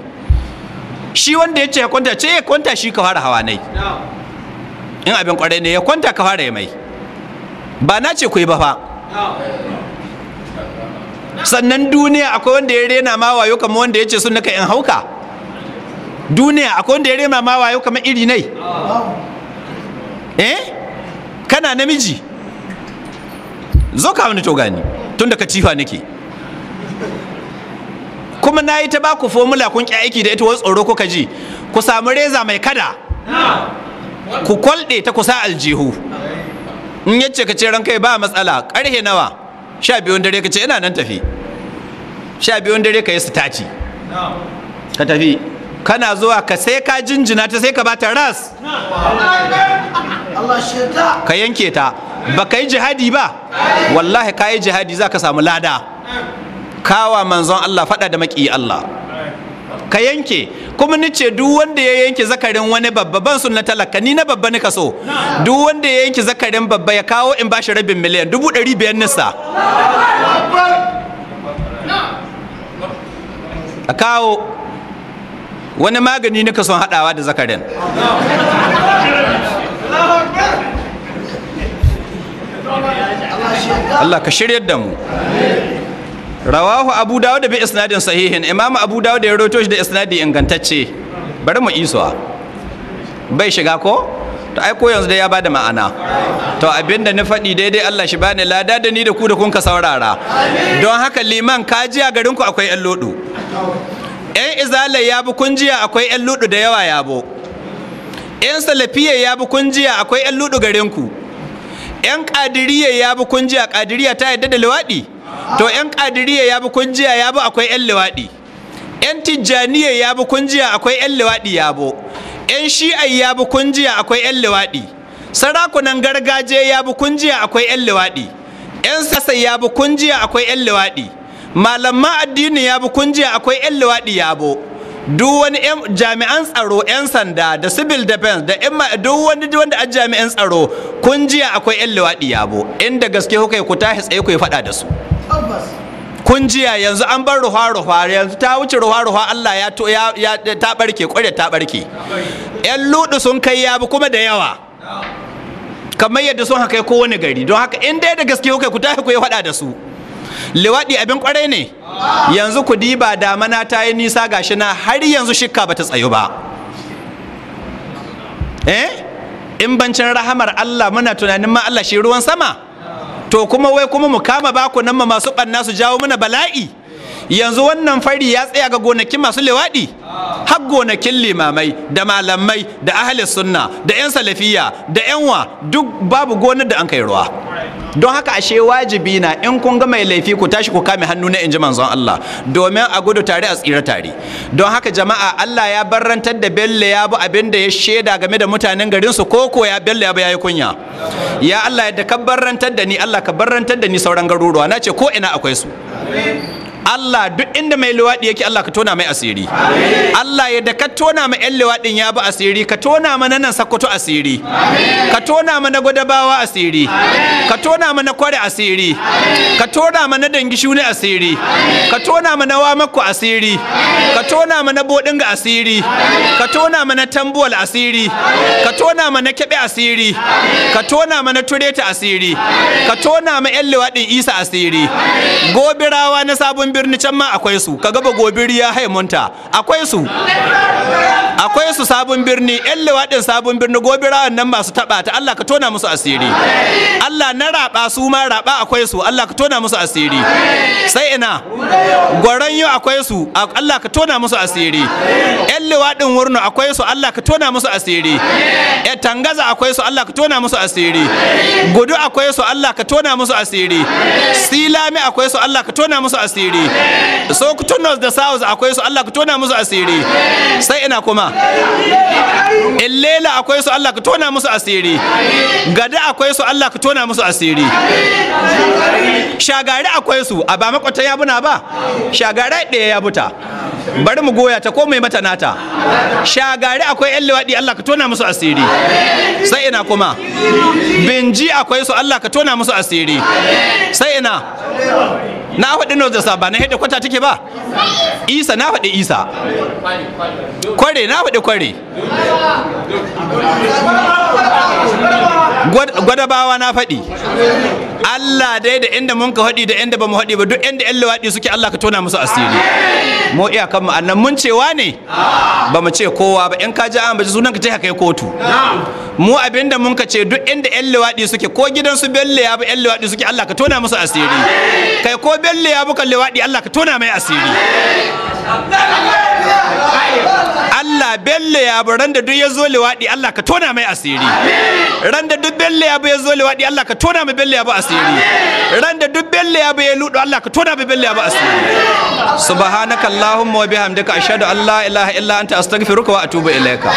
shi wanda ya ce ya kwanta ce ya kwanta shi ka fara hawa nai in abin kwarai ne ya kwanta ka fara ya mai ba na ce ku yi ba fa sannan duniya akwai wanda ya rena ma wayo kamar wanda ya ce sun naka in hauka duniya akwai wanda ya rema ma wayo kamar iri nai eh kana namiji zo ka wani to gani tun da ka cifa nake kuma na yi ta ba ku formula kun ƙi aiki da ita wani tsoro kuka ji ku samu reza mai kada ku kwalɗe ta kusa aljihu in yace ka ce ran kai ba matsala ƙarhe nawa sha biyun dare ka ce ina nan tafi sha biyun dare ka yi sitaci ka tafi kana zuwa ka sai ka jinjina ta sai ka bata ras ka yanke ta ba ka yi jihadi ba wallahi ka yi jihadi za ka samu lada kawa manzon Allah fada da maki Allah ka yanke kuma ni ce duk wanda ya yanke zakarin wani babba ban sunna na talaka ni na babba ni kaso duk wanda ya yanke zakarin babba ya kawo in bashi rabin miliyan dubu ɗari biyar nisa a kawo wani magani nika son haɗawa da zakarin Allah ka shiryar da mu rawahu abu dawud bi isnadin sahihin imam abu dawud ya roto shi da isnadi ingantacce bari mu isuwa bai shiga ko to ai ko yanzu dai ya bada ma'ana to abinda na faɗi daidai Allah shi bani lada da ni da ku da kun saurara don haka liman kajiya garin ku akwai yan lodo yan izalai ya bi kunjiya akwai yan ludu da yawa yabo yan salafiya ya bi kunjiya akwai yan ludu garinku yan kadiriya ya bi kunjiya kadiriya ta yadda da liwaɗi to yan kadiriya ya bi kunjiya ya bi akwai yan liwaɗi yan tijjaniya ya bi kunjiya akwai yan liwaɗi yabo yan shi'ai ya bi kunjiya akwai yan liwaɗi sarakunan gargajiya ya bi kunjiya akwai yan liwaɗi yan sassa ya bi kunjiya akwai yan liwaɗi malamma addini ya bu kun jiya akwai 'yan luwaɗi ya bo duk wani jami'an tsaro 'yan sanda da civil defense da duk wani wanda a jami'an tsaro kun jiya akwai 'yan luwaɗi ya bo inda gaske kuka ku tashi tsaye ku faɗa da su kun jiya yanzu an bar ruwa ruwa yanzu ta wuce ruwa ruwa Allah ya ya, ta barke kware ta barke yan ludu sun kai ya kuma da yawa kamar yadda sun haka ko wani gari don haka in dai da gaske kuka ku tashi ku yi faɗa da su liwaɗi abin kwarai ne yanzu ku diba damana ta yi nisa ga shi na har yanzu shikka ta tsayu ba eh in bancin rahamar Allah muna tunanin ma Allah shi ruwan sama to kuma wai kuma mu kama baku nan ma masu ɓanna su jawo muna bala'i yanzu wannan fari ya tsaya ga gonakin masu lewaɗi har gonakin limamai da malamai da ahli sunna da 'yan salafiya da 'yanwa duk babu gonar da an kai ruwa don haka ashe wajibi na in kun ga mai laifi ku tashi ku kame hannu na inji manzon Allah domin a gudu tare a tsira tare don haka jama'a Allah ya barrantar da Bello ya bu abin da ya shaida game da mutanen garin su koko ya belle ya bu yayi kunya ya Allah yadda ka barrantar da ni Allah ka barrantar da ni sauran garuruwa na ce ko ina akwai su Allah duk inda mai luwaɗi yake Allah ka tona mai asiri Allah yadda ka tona ma 'yan luwaɗin ya bi asiri ka tona ma nan sakkwato asiri ka tona ma na gwadabawa asiri ka tona ma na kware asiri ka tona ma na dangishu asiri ka tona ma na wamako asiri ka tona ma na ga asiri ka tona ma na tambuwal asiri ka tona ma na kebe asiri ka tona ma na tureta asiri ka tona ma 'yan luwaɗin isa asiri gobirawa na sabon tsohon birni can ma akwai su ka gaba gobiri ya haimunta akwai su akwai su sabon birni yan lewaɗin sabon birni gobirawan nan masu taɓa ta Allah ka tona musu asiri Allah na raɓa su ma raɓa akwai su Allah ka tona musu asiri sai ina gwaran yau akwai su Allah ka tona musu asiri yan lewaɗin wurnu akwai su Allah ka tona musu asiri yan tangaza akwai su Allah ka tona musu asiri gudu akwai su Allah ka tona musu asiri silami akwai su Allah ka tona musu asiri asiri ku north da south akwai su Allah ka tona musu asiri sai ina kuma illela akwai su Allah ka tona musu asiri gada akwai su Allah ka tona musu asiri shagari akwai su a ba makwata ya buna ba shagari ɗaya ya buta bari mu goya ta ko mai mata nata shagari akwai yan liwaɗi Allah ka tona musu asiri sai ina kuma binji akwai su Allah ka tona musu asiri sai ina na hudu north da south ba na yadda kwata take ba isa na faɗi isa kware na faɗi kware gwadabawa na faɗi Allah dai da inda mun ka haɗi da inda ba mu haɗi ba duk inda yan lewaɗi suke Allah ka tona musu asiri mu kan mu annan mun cewa ne ba mu ce kowa ba in ka ji an baji sunan ka ta kai kotu mu abinda mun ka ce duk inda yan lewaɗi suke ko gidan su belle ya ba yan lewaɗi suke Allah ka tona musu asiri kai ko belle ya buka lewaɗi faɗi Allah ka tona mai asiri Allah belle ya bu ran da duk ya zo liwaɗi Allah ka tona mai asiri ran da duk belle ya bu ya zo liwaɗi Allah ka tona mai belle ya bu asiri ran da duk belle ya bu ya ludo Allah ka tona mai belle ya bu asiri subhanaka allahumma wa bihamdika ashhadu an la ilaha illa anta astaghfiruka wa atubu ilaika